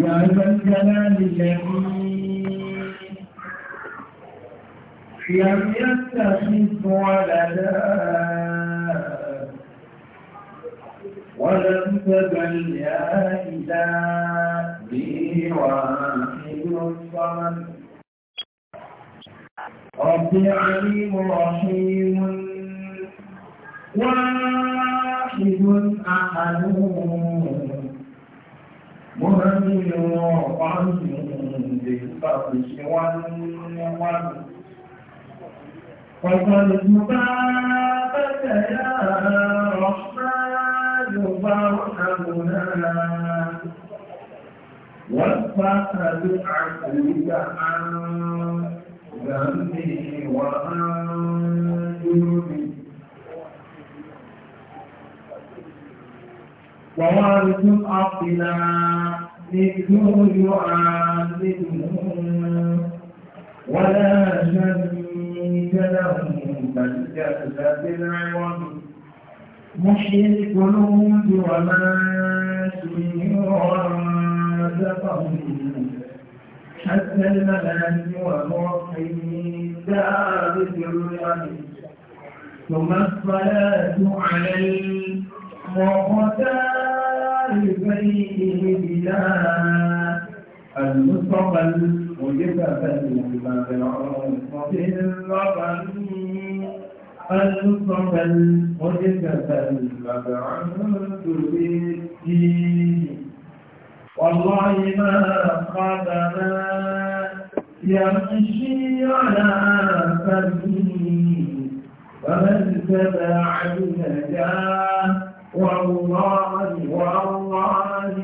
يا ذا الجلال الذي لم يتخذ ولدا ولم تبل يا إلهي واحد الصمد رب عليم رحيم واحد أحد مهيمن عنه بالفرش والنوم فقلبك يا رحمن فارحمنا وادفع بعفوك عن ذنبي وعن جنبي ووارث أرضنا مثله يعذبهم ولا شريك له بل جهل بالعوض محيي القلوب وما شيرا رزقهم حتى المنام ومحيي الدار الغني ثم الصلاة عليه وختار بيته بلا المصطفى المجتبى المبعوث بالوطن المصطفى المجتبى المبعوث بالدين والله ما قدما يمشي على فمه ومن تبع نجاه والله والله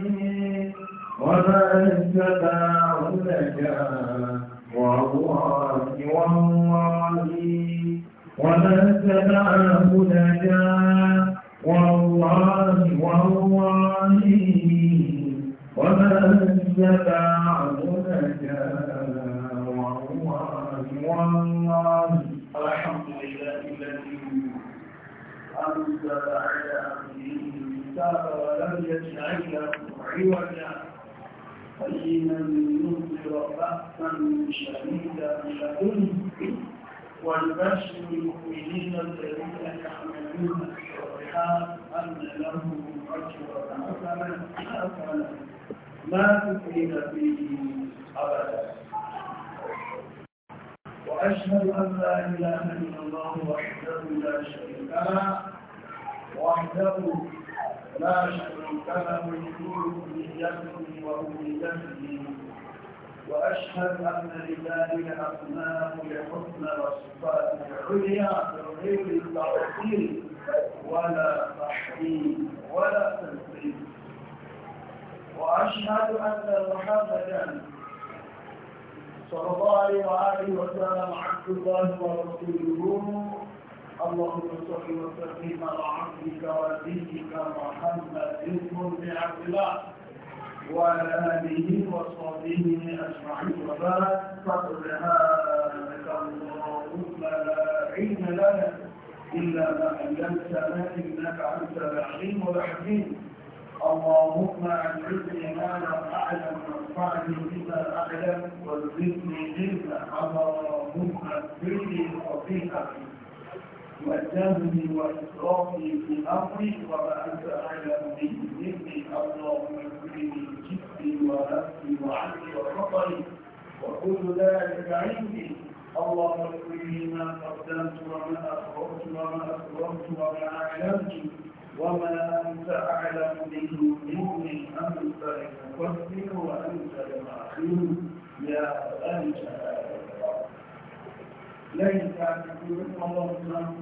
وما السماء لك والله والله وما السماء لك والله والله وما السماء لك والله والله الحمد لله الذي أنزل مختارا ولم يجعل عوجا قيما يظهر بأسا شديدا لدنه والبشر المؤمنين الذين يعملون الصالحات أن لهم أجرا حسنا حسنا ما تفيد فيه أبدا وأشهد أن لا إله إلا الله وحده لا شريك له وحده ماشي كما وجوه بجنبي وأميته وأشهد أن لله أقنام لحسن وصفات العليا غير تعطيل ولا تحريم ولا تنفيذ وأشهد أن محمدا صلى الله عليه وآله وسلم عبد الله ورسوله اللهم صل وسلم على عبدك ونبيك محمد بن عبد الله وعلى اله وصحبه اجمعين وبارك فسبحانك اللهم لا علم لنا الا ما علمتنا انك انت العليم الحكيم اللهم أعزني ما لم أعلم وانفعني بما أعلم وزدني علما اللهم اغفر لي خطيئتي وجهلي وإسرافي في أمري وما أنت أعلم به مني اللهم اغفر لي جسمي ونفسي وعقلي وخطري وكل ذلك عندي اللهم اغفر لي ما قدمت وما أخرت وما أسررت وما أعلمت وما أنت أعلم به مني أنت المقدم وأنت المأخير يا أنت ليس عن كل الله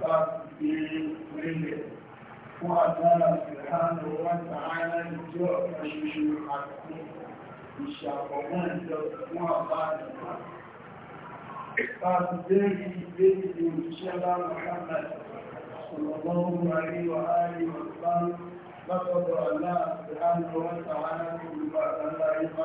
káàkiri orílẹ̀ fún àdára ìhànà wọ́n tààrà ìjọ ìṣòṣò àti ìṣàkọ̀mọ́ ìjọ fún àbá àdìmá. Káàkiri ilé ìlú ìṣẹ́lá Mọ̀hánà sọ̀rọ̀lọ́wọ́ àríwá àríwá bá látọ̀dọ̀ aláà ìhànà wọ́n tààrà ìjọ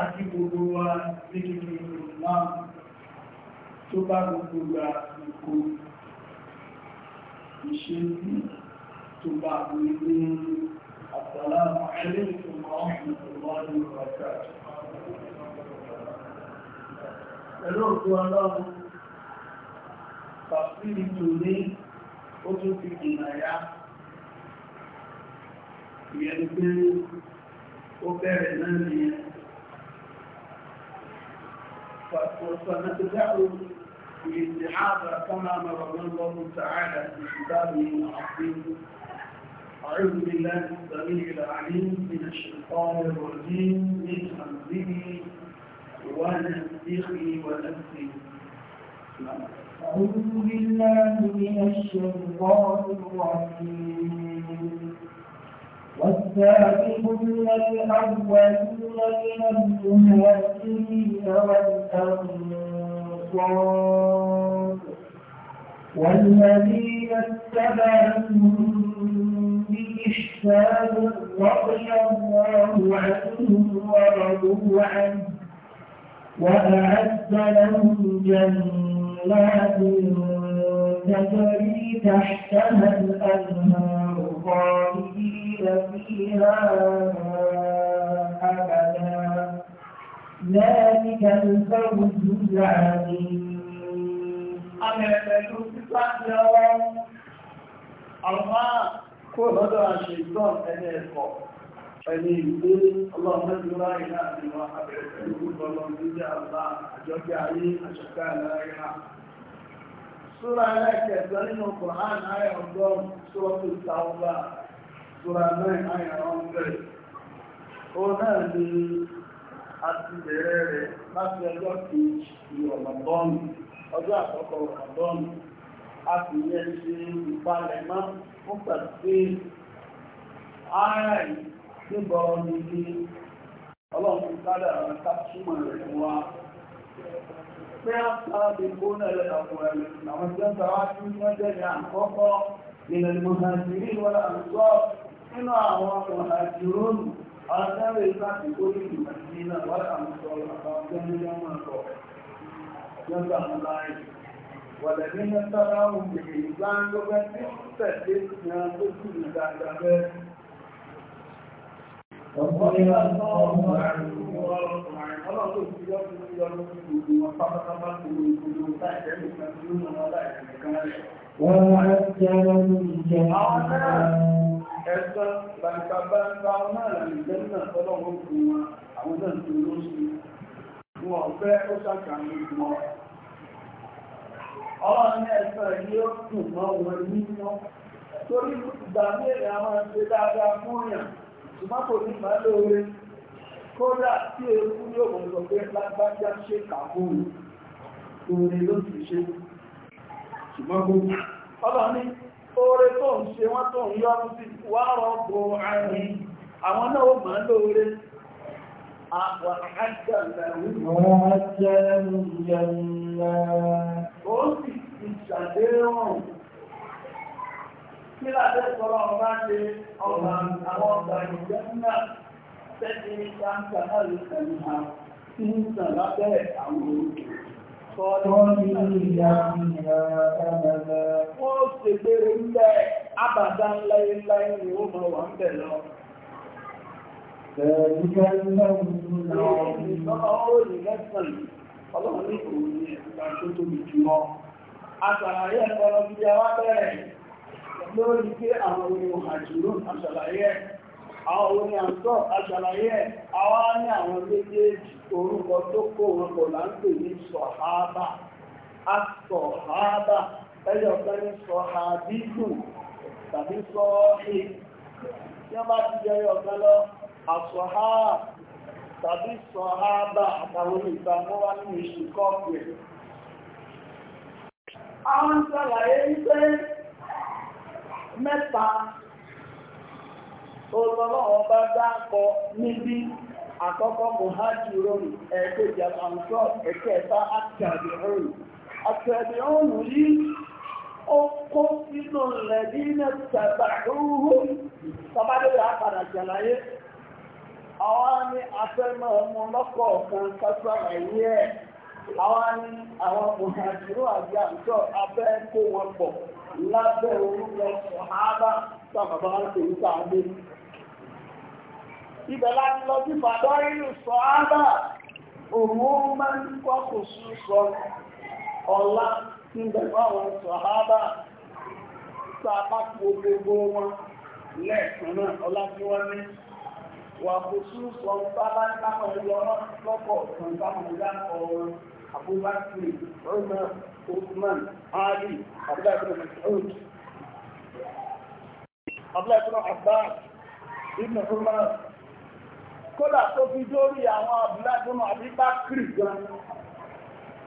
àti gbogbo wa ní kíkí ìrìnlá tó bá gbogbo gba ìkó ìṣẹ́lú tó bá gbogbo àtàlá àṣẹ́lẹ̀ ìfòmọ́ ìfòmọ́lù ọ̀gá ẹ̀lọ́ òkú ọlọ́run pàfíì tó ní ó tún fi dìnà yá ìyẹn pé ó bẹ̀rẹ̀ náà كما أمرنا الله تعالى في كتابه العظيم أعوذ بالله السميع العليم من الشيطان الرجيم من حمده ونفسه ونفسه أعوذ بالله من الشيطان الرجيم والسابقون الأولون من المهاجرين والأنصار والذين اتبعوهم بإحسان رضي الله عنهم ورضوا عنه وأعد لهم جنات تجري تحتها الأنهار خالدين خالد فيها أبدا ذلك الفوز العظيم Kó lọ́dọ̀ àṣẹ ìgbọ́n ẹni ẹ̀kọ́, ẹni ìgbé ọlọ́mọdúnrá ìlà àdìwọ̀ àbẹ̀ẹ̀kẹ́ ìgbọ́lọ́ nílé àbá àjọ́gbẹ́ ayé àṣẹ́kẹ́ àlàáyà. Súra ẹlẹ́kẹ̀ẹ́ sura 9 ayà 100 ó náà ni a ti bẹ̀rẹ̀ rẹ̀ láti ọjọ́ kejì ìrọ̀lọ́bọ́nù ọjọ́ àkọ́kọ́ ìrọ̀lọ́bọ́nù a sì yẹ ṣe ìpalẹ̀mọ́ fún pàtàkì ara yìí níbọ̀ ní ní ọlọ́run kádà kásùmọ̀ rẹ̀ wá pé a sára bí kó náà lẹ́ ọkùnrin rẹ̀ àwọn jẹ́ nínú àwọn mọ̀hàjìrónù ọ̀sẹ́rẹ̀ ìsáàtì orílẹ̀ ìgbàmílà wọ́n àmúsọ̀rọ̀ àwọn tó ń yọ́ máa kọ̀ lọ́gbà láàáyì wọ̀lẹ̀mí ní sára òkè ìgbàǹgbẹ́ tí ó tẹ̀lé ní àkókò ìdàgbàgbẹ́ ọ̀pọ̀lọpọ̀ ọ̀pọ̀lọpọ̀ ọ̀pọ̀lọpọ̀ ọ̀pọ̀lọpọ̀ ẹ̀sán bàǹkà bàǹkà ọmọ àlàyé tọ́lọ́wọ́ fún wọn àwọn náà tó ló sí wọn ọ̀fẹ́ ó ṣàkàmì wọn ọlọ́run ní ẹ̀sán ó kù mọ́ wọn nínú torí ìgbà mẹ́rin àwọn ṣe dáadáa fún yàn ṣùgbọ́n kò ní máa lóore kódà tí ewu yóò mọ̀ sọ pé lágbájá ṣe kàkóòrò òun ni ló ti ṣe ṣùgbọ́n gbogbo ọlọ́run oore tó ń ṣe wọ́n tó ń yọ́rún sí wárọ̀ bò ààrin àwọn náà ó máa lóore àwọn àjẹ́ lẹ̀ abàdá ńlá ńlá ni ó mọ̀ wà ń bẹ̀ lọ. Ọlọ́run ní òun ní ẹ̀ka tó tóbi jù lọ. Aṣàlàyé ẹ̀kọ́ lọ bí a wá bẹ̀rẹ̀ lórí pé àwọn ohun àjùrò aṣàlàyé àwọn ohun àtọ́ aṣàlàyé àwọn ní àwọn méjèèjì orúkọ tó kó wọn pọ̀ láńpẹ̀ ní sọ̀háábà. Asọ̀háábà ẹyọ kan ní sọ àbíkù tàbí sọ ọ́hìn tí wọ́n bá ti jẹ ẹyọ kan lọ àsọ̀há tàbí sọ̀há bá àtàwọn ìgbà wọ́n wá nínú ìṣù kọ́ọ̀pù ẹ̀. àwọn ṣàlàyé wípé mẹ́ta olùrànlọ́wọ́ bá dápọ̀ níbi àkọ́kọ́ mohajirun ẹ̀ẹ́dẹ́gbẹ̀ta ẹ̀kẹta àti àbíọ́rùn àti àbíọ́rùn yìí ó kó sínú lẹ̀bí iná tẹ̀bà rúrú tọba lórí àpàdà àwọn afẹ́mọ̀ ọmọ lọ́kọ̀ ọ̀kan kásọ̀ ẹ̀yẹ ẹ̀ àwọn àwọn mùhàjírò àti àjọ abẹ́ kó wọn pọ̀ lábẹ́ orúkọ a ibẹ̀ láti lọ sí bàbá inú òun máa ń kọ́ nígbà báwọn sọ̀hábà sàpapọ̀ gbogbo wọn lẹ́ẹ̀kan náà ọlájúwọ́n ní wà kò sún sọ bábá lápá lọ́wọ́ lọ́kọ̀ kan táwọn lápọ̀ wọn abúbákiri ọmọ osman ali abúláìbùn mas'ud abúláìbùn abbas ibn umar kódà tó fi dórí àwọn abúláìbùn abúbákiri gan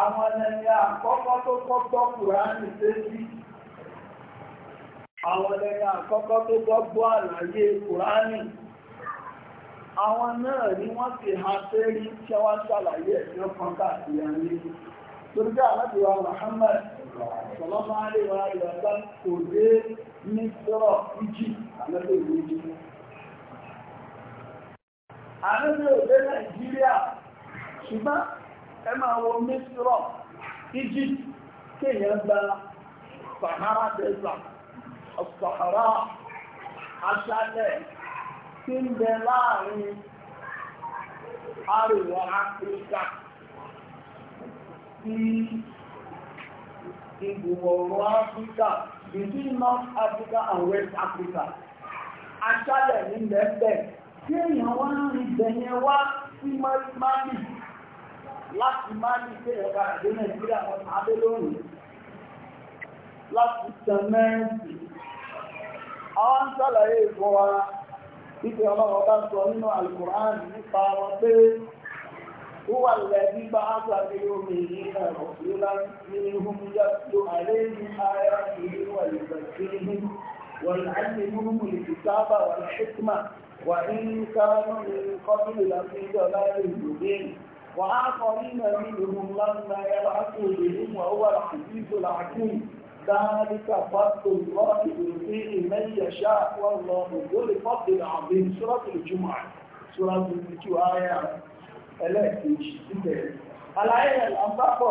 àwọn ẹni àkọ́kọ́ tó kọ́kọ́ kùránì sétí àwọn ẹni àkọ́kọ́ tó gbọ́gbọ́ àlàyé kùránì àwọn náà ni wọ́n ti ha sérí tí wọ́n ṣàlàyé ẹ̀sìn ọkàn káàkiri ayé torí àlábì Muhammad sọlọ́mọ àríwá ìyàtọ̀ kò dé ní sọ́rọ̀ ìjì àlọ́bì ìlú ìjì àlọ́bì òde Nàìjíríà ṣùgbọ́n ẹ máa wo mísírọ̀ Egypt kéèyàn gba Sahara desert ọ̀sọ̀hárà aṣálẹ̀ tí ń bẹ láàrin àríwá Áfíríkà sí ìgbòmọ̀rọ̀ Áfíríkà between North Africa and West Africa aṣálẹ̀ ní lẹ́bẹ̀ẹ́ tí wá ń rìn bẹ̀yẹn wá sí Mali láti má ní pé ọ̀gá àdé nàìjíríà wọn adé lónìí láti sẹmẹ́ǹtì àwọn ń sàlàyé ìfọ́ wa ìpè ọlọ́run bá sọ nínú alukur'an nípa wọn pé wúwà lẹ́bí bá àgbàdé omi yìí ẹ̀rọ ìlà ní ihun yàtò àléyìn ara ìlú wà lùbẹ̀kìrì wà láàyè múhùmù ìfìsábà wà ní ṣíkímà wà ní kánú ní kọ́bílì láti ìjọba ìlú bẹ́ẹ̀. وآخرين منهم لما يلعقوا بهم وهو العزيز الحكيم ذلك فضل الله يؤتيه من يشاء والله ذو الفضل العظيم سورة الجمعة سورة الجمعة آية ẹlẹ́ẹ̀kejì àlàyé àgbàpọ̀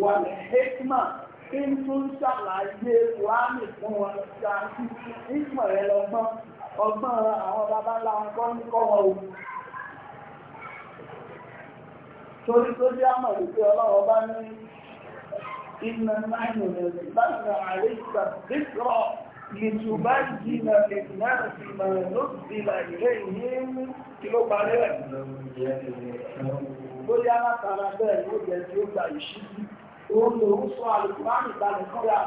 wal hikma kí n tún ṣàlàyé wàhálì fún wọn ṣá ìmọ̀ rẹ lọ́gbọ́n ọgbọ́n àwọn baba ńlá wọn kọ́ ń kọ́ wọn o. torí tó jẹ́ àmọ̀ wípé ọlọ́wọ́ bá ní iná rẹ̀ báyìí àárẹ̀ ìsàbíkọ̀ òun lòun sọ àlùkùránì balẹ̀ fúnra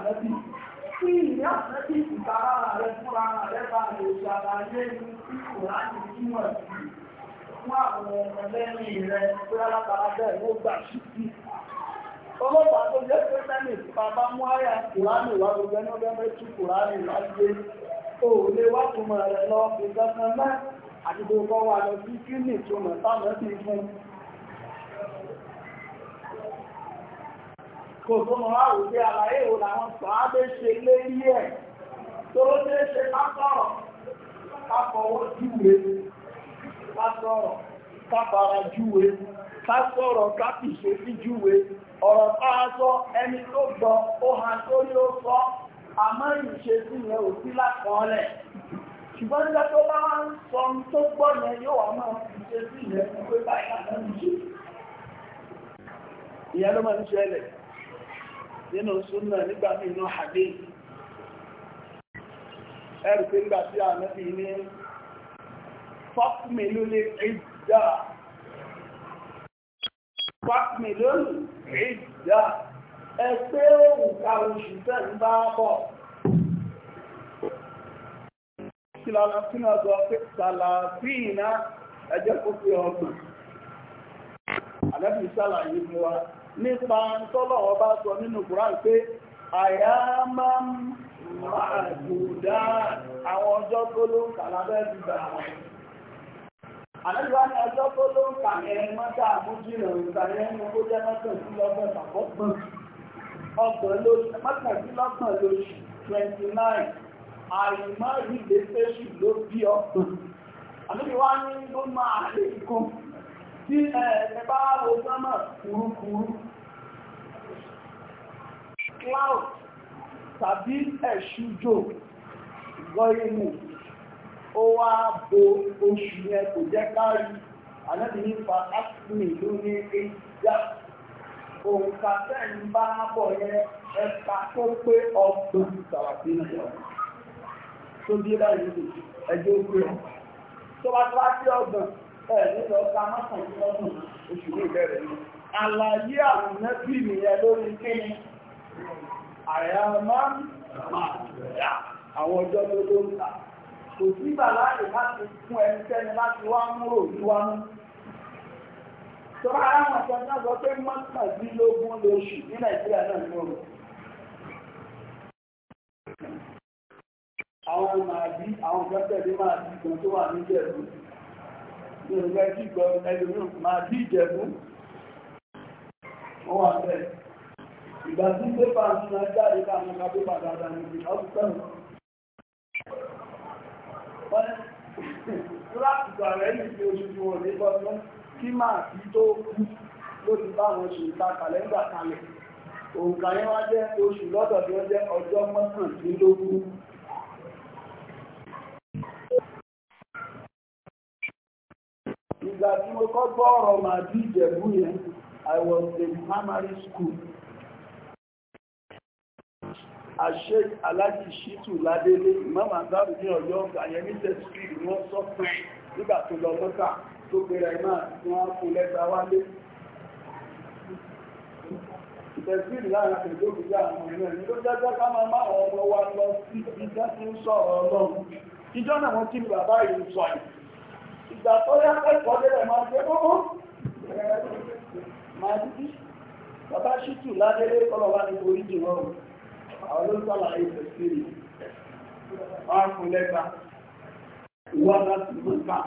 kí ìyá ànábì ìtara rẹ fúnra rẹ bá lè ṣàlàyé ní kùránì túmọ̀ sí fún àwọn ọmọ lẹ́yìn rẹ bóyá látara bẹ́ẹ̀ ló gbà sí sí. ọlọ́pàá tó jẹ́ pé sẹ́ni bàbá mú àyà kùránì wá gbogbo ẹni ọdún mẹ́tú kùránì láyé o lè wá túmọ̀ rẹ lọ ìgbà kan náà àti gbogbo wa lọ sí kí ìtumọ̀ táwọn ti fún kò tó mọ̀ wá wò pé àlàyé wo làwọn sàábé ṣe lérí ẹ̀ tó ló dé ṣe kápọ̀rọ̀ kápọ̀wọ́ júwe kásọ̀rọ̀ kápara júwe kásọ̀rọ̀ kápìṣe sí júwe ọ̀rọ̀ káàsọ ẹni tó gbọ́ ó ha sórí ó sọ àmọ́ ìṣe sí yẹn ò sí lákọọ́lẹ̀ ṣùgbọ́n nígbà tó bá wá ń sọ tó gbọ́ yẹn yóò wá máa ìṣe sí yẹn pé báyìí àná ìṣe ìyẹn ló máa ń ṣẹlẹ̀ nínú súnà nígbà mí inú àdé ẹ̀rù pé nígbà tí ànábì ní fọ́kùnmí ló ẹgbẹ́ òǹkà oṣù tẹ́ ń bá bọ̀ kí lára nípa tọ́lọ̀ ọba sọ nínú Kùrán pé àyà máa ń máa gbòdá àwọn ọjọ́ tó ló ń kà lábẹ́ ìgbà àwọn àlẹ́lúwà ní ọjọ́ tó ló ń kà ẹ̀rìn mọ́ta àmójìnà ìgbàlẹ́ ẹni ó jẹ́ mọ́kànlélọ́gbọ̀n àkọ́gbọ̀n ọgbọ̀n lóṣù mọ́kànlélọ́gbọ̀n lóṣù 29 àìmọ́ ìdè fẹ́ṣù ló bí ọgbọ̀n àlẹ́lúwà ní ló máa lè kún tí ẹ̀ẹ̀ẹ̀ bá wo sánmà kúrúkúrú clown tàbí ẹ̀ṣújò gọ́ìmù ó wá bo oṣù yẹn kò jẹ́ kárí ànábì nípa asmi ló ní ìjà òǹkà tẹ́ ń bá bọ̀ yẹn ẹ̀ka tó pé ọgbọ̀n tàbí ìjọ tó bí báyìí ẹjọ́ pé ọ tó bá tó bá sí ọgbọ̀n ẹ̀ nílò ọgbà mọ́kànlélọ́gbọ̀n oṣù ní ìbẹ̀rẹ̀ ni àlàyé àwọn nẹ́bí nìyẹn lórí kíni àyàmá àwọn ọjọ́ tó tó ń ta kò sí bàláàrí láti fún ẹnikẹ́ni láti wá múrò níwánú tó bá ara wọn kan náà sọ pé mọ́kàndínlógún lóṣù ní nàìjíríà náà ní òru àwọn màbí àwọn gbẹ́tẹ̀lé máa di ìgbọ̀n tó wà ní ìjẹ̀bú ní ìrùgbẹ́ kí ìgbọ̀n ẹlòmíràn máa di ìjẹ̀bú wọ́n wà bẹ́ẹ̀ ìgbà tí pépà ń sún ajáde ká mọ́ka pépà dáadáa ní ìgbà ọ̀sán wọ́n láti gbà rẹ̀ ní ìgbé oṣù tí wọ́n lè bọ́ mọ́ kí máa kí tó kú ló ti bá àwọn oṣù ìta kàlẹ́ńdà kalẹ̀ òǹkà yẹn wá jẹ́ oṣù lọ́dọ̀ tí wọ́n jẹ́ ọjọ́ mọ́kàndínlógún ìgbà tí mo kọ́ gbọ́ ọ̀rọ̀ màdí ìjẹ̀bú yẹn I was in primary school àṣẹ alájì ṣítù ládélé ìmọ́mà dáàrù ní ọ̀yọ́ àyẹ̀ ní tẹ̀sílì ni wọ́n sọ pé nígbà tó lọ mọ́ta tó pèrè náà tí wọ́n kó lẹ́gbà wálé tẹ̀sílì láàrín àtẹ̀lógúnjẹ́ àwọn ìrìn ní ló jẹ́jẹ́ ká máa máa ọmọ wa lọ sí ìjẹ́ tí ń sọ̀rọ̀ ọlọ́run ìjọ́ náà wọ́n kí ni bàbá yìí sọ yìí ìgbà tó yá kẹ́kọ̀ọ́ lẹ́lẹ̀ máa jẹ́ kókó máa dí bàbá ṣítù ládélé kọ́lọ̀ wá ní orí jù lọ́rùn àwọn ló sàlàyé ìfẹ̀sìrì wọ́n á fún láti mọ́ta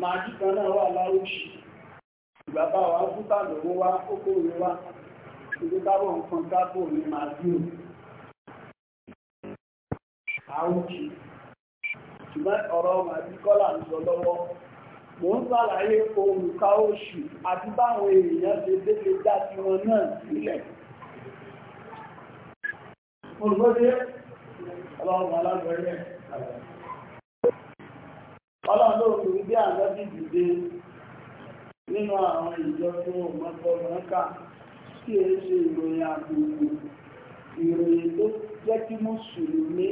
màájú kan náà wà ìgbàbá wa fúta lówó wá kókó òwe wá ìlú tábọ̀ nǹkan tábò ní A àwùjì ṣùgbọ́n ọ̀rọ̀ màájú kọ́là ń sọ lọ́wọ́ mo ń sàlàyé òǹkà oṣù àti báwọn èèyàn ṣe dédé dá sí wọn náà sílẹ̀. olùgbọ́dé ọlọ́run alágbẹ̀rẹ̀ ọlọ́run ló fi bí àgbẹ̀bí dìde nínú àwọn ìjọ tó mọ́tọ́mọ́ká tí èé ṣe ìròyìn àgbègbè ìròyìn tó jẹ́ kí mùsùlùmí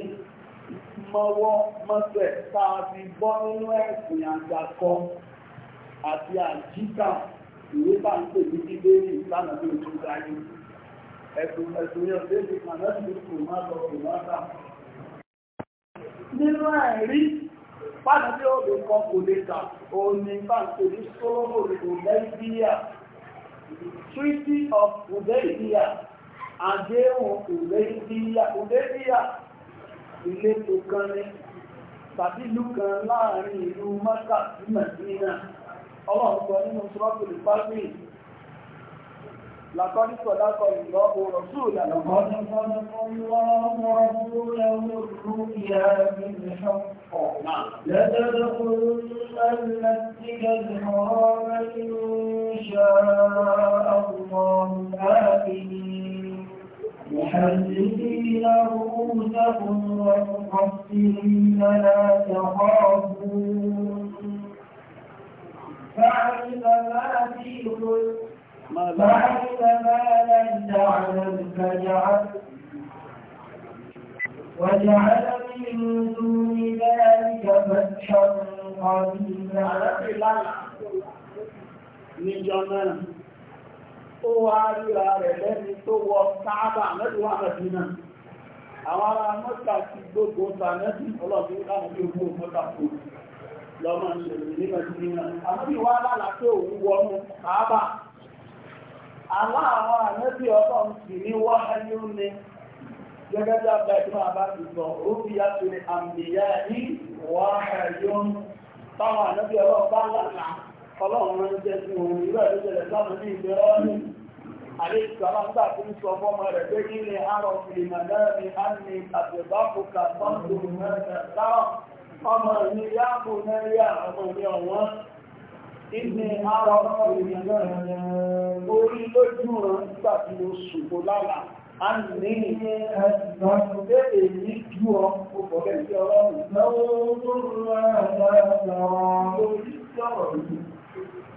mọ́wọ́ mọ́sẹ̀ tá a fi bọ́ nínú ẹ̀sìn àjàkọ àti àjíkà ìwé bá ń pè ní bíbélì lánàá bí ojú dáyé ẹ̀sùn ẹ̀sùn yẹn débi kànáàbí kò má lọ kò má bà. nínú ẹ̀rí báyìí bí òde kan kò lè kà òun ni bá ń pè ní sólómò òdẹ́bíyà treaty of òdẹ́bíyà àdéhùn òdẹ́bíyà òdẹ́bíyà ìletò kan ní tàbí ìlú kan láàrin ìlú Mẹ́kà sí Mẹ̀dínà ọlọ́run sọ nínú sọ́ọ̀tìlì pálí لقد صدق الله رسوله لقد صدق الله رسوله الرؤيا بالحق لتدخلن المسجد الحرام إن شاء الله آمنين محلقين رؤوسكم ومقصرين لا تخافون فعلم ما في فعلم ما لم تعلم فجعل وجعل من دون ذلك فتحا قديرا من جمال ó wá ríra rẹ̀ lẹ́ni tó wọ káàbà mẹ́rin wà náà àwọn ará mọ́ta gbogbo ta mẹ́rin ọlọ́dún láwọn bí owó mọ́ta kò lọ́mọ ìṣẹ̀lẹ̀ ní mẹ́rin náà ti sọ ó fi yá àmì ìyá ẹ̀ ọlọ́run rẹ̀ ń jẹ́ sí òun orí lójú rẹ̀ nígbà tí mo a ní ìgbàlódé èyí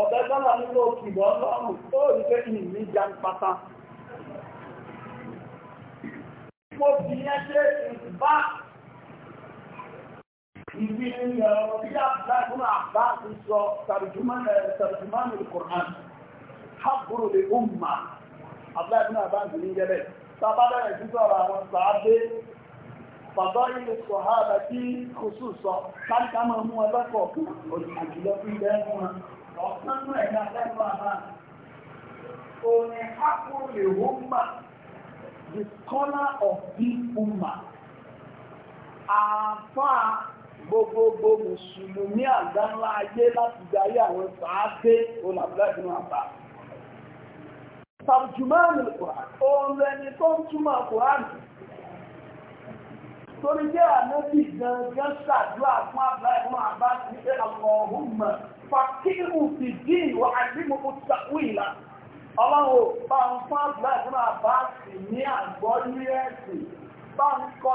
ọ̀bẹ sọ́nà nílò kìlọ̀ ọlọ́run tó rí pé ìní jan pátá mo fi yẹn ṣe ìbá ìwé ọ̀rọ̀ bí àbúrà fún àbá ti sọ tàbíjúmọ́nù ìkọ̀rán hábùrù lè ó mà àbúrà fún àbá ń gbìyànjẹ bẹ́ẹ̀ sábà bẹ̀rẹ̀ sí sọ̀rọ̀ àwọn sàádé bàbá ilé sọ̀hádà tí kò sùn sọ káríkámọ̀ mú ẹlẹ́kọ̀ọ́ kan òjìjìlọ́ fún ilẹ̀ ẹ̀mú wọn ọ̀kan náà ẹ̀dá lẹ́nu àbá òní hákùrù lè wó mà the scholar of the Ummah àáfàá gbogbogbò mùsùlùmí àgbáńlá ayé láti darí àwọn sàáfé olàbúlẹ́dùn àbá tàbùjùmọ́ àmì kùrán òun lẹni tó ń túmọ̀ kùrán torí jẹ́ ànábì gangan ṣàdúrà fún àbúrà fún àbá ti ṣe Allahumma fàkíhù ti dì wọ àdìmọ̀kú sàkú ìlà ọlọ́wọ́ bá ń fún àbúrà fún àbá sì ní àgbọ́ ní ẹ̀sìn bá ń kọ́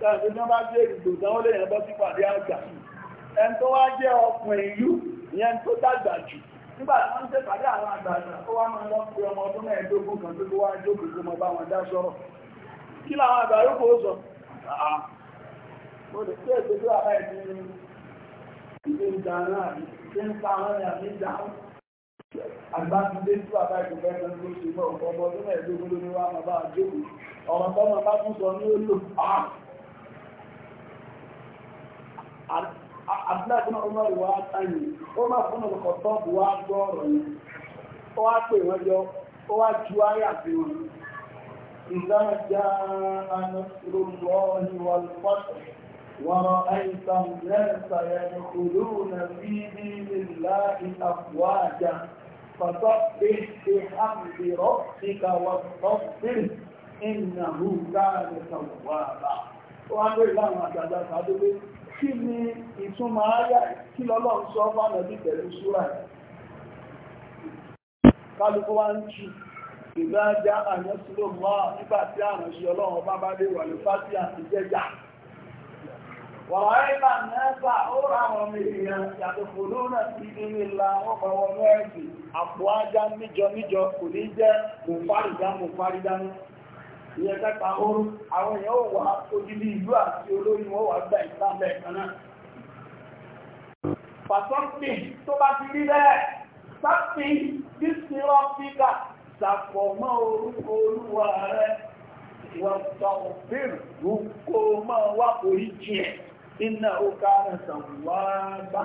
tàbí wọ́n bá jẹ́ ìgbò táwọn lè yàn bọ́ sí pàdé àgbà ẹni tó wá jẹ́ ọkùnrin ìlú ìyẹn tó dàgbà jù nígbà tí wọ́n ń ṣe pàdé àwọn àgbààgbà ó wá máa lọ pé ọmọ ọdún mẹ́ẹ̀ẹ́dógún kan tó wá jókòó kó mọ bá wọn dá sọ̀rọ̀ kí làwọn àgbà yóò kó sọ mo lè tó ètò tó àbá ìdí ìdí ìdá náà ṣe ń pa àwọn èèyàn ní àgbà ti dé tó àbá ìdí bẹ́ẹ̀ lọ ló ṣe mọ́ ọmọ ọdún mẹ́ẹ̀ẹ́dógún ló ní wá máa bá jókòó ọmọ tó bá tún sọ ní ó lò abdullahi fún ọmọ ìwà àtàyè ó máa fún ọkọ̀ tọ́ọ̀bù wá gbọ́ ọ̀rọ̀ yẹn ó wá pè wọ́n jọ ó wá ju àyà sí wọn إذا جاء نصر الله والفتح ورأيت الناس يدخلون في دين الله أفواجا فسبح بحمد ربك واستغفر إنه كان توابا وأنا لا أتذكر kí ni ìtumọ̀ ayá kí lọ́lọ́ sọ fánàbí pẹ̀lú súra a wá ń jù ìgbájá àyẹ́sílò mọ́ nígbà tí àrànṣẹ́ ọlọ́run bá bá dé wà ní fásitì àti wà wàrà ìlà mẹ́fà ó ráwọn wọn ìyẹn kẹta oorun àwọn èèyàn ó wà odidi ìlú àti olórí wọn wà gba ìsàlẹ̀ kan náà tó bá ti rí bẹ́ẹ̀ sáfì bísírọ́ fígà ṣàfọ̀mọ́ orúkọ olúwa rẹ̀ wọ́n sọ bẹ́ẹ̀rù kó máa wá orí jìn iná ó kára sàn wá bá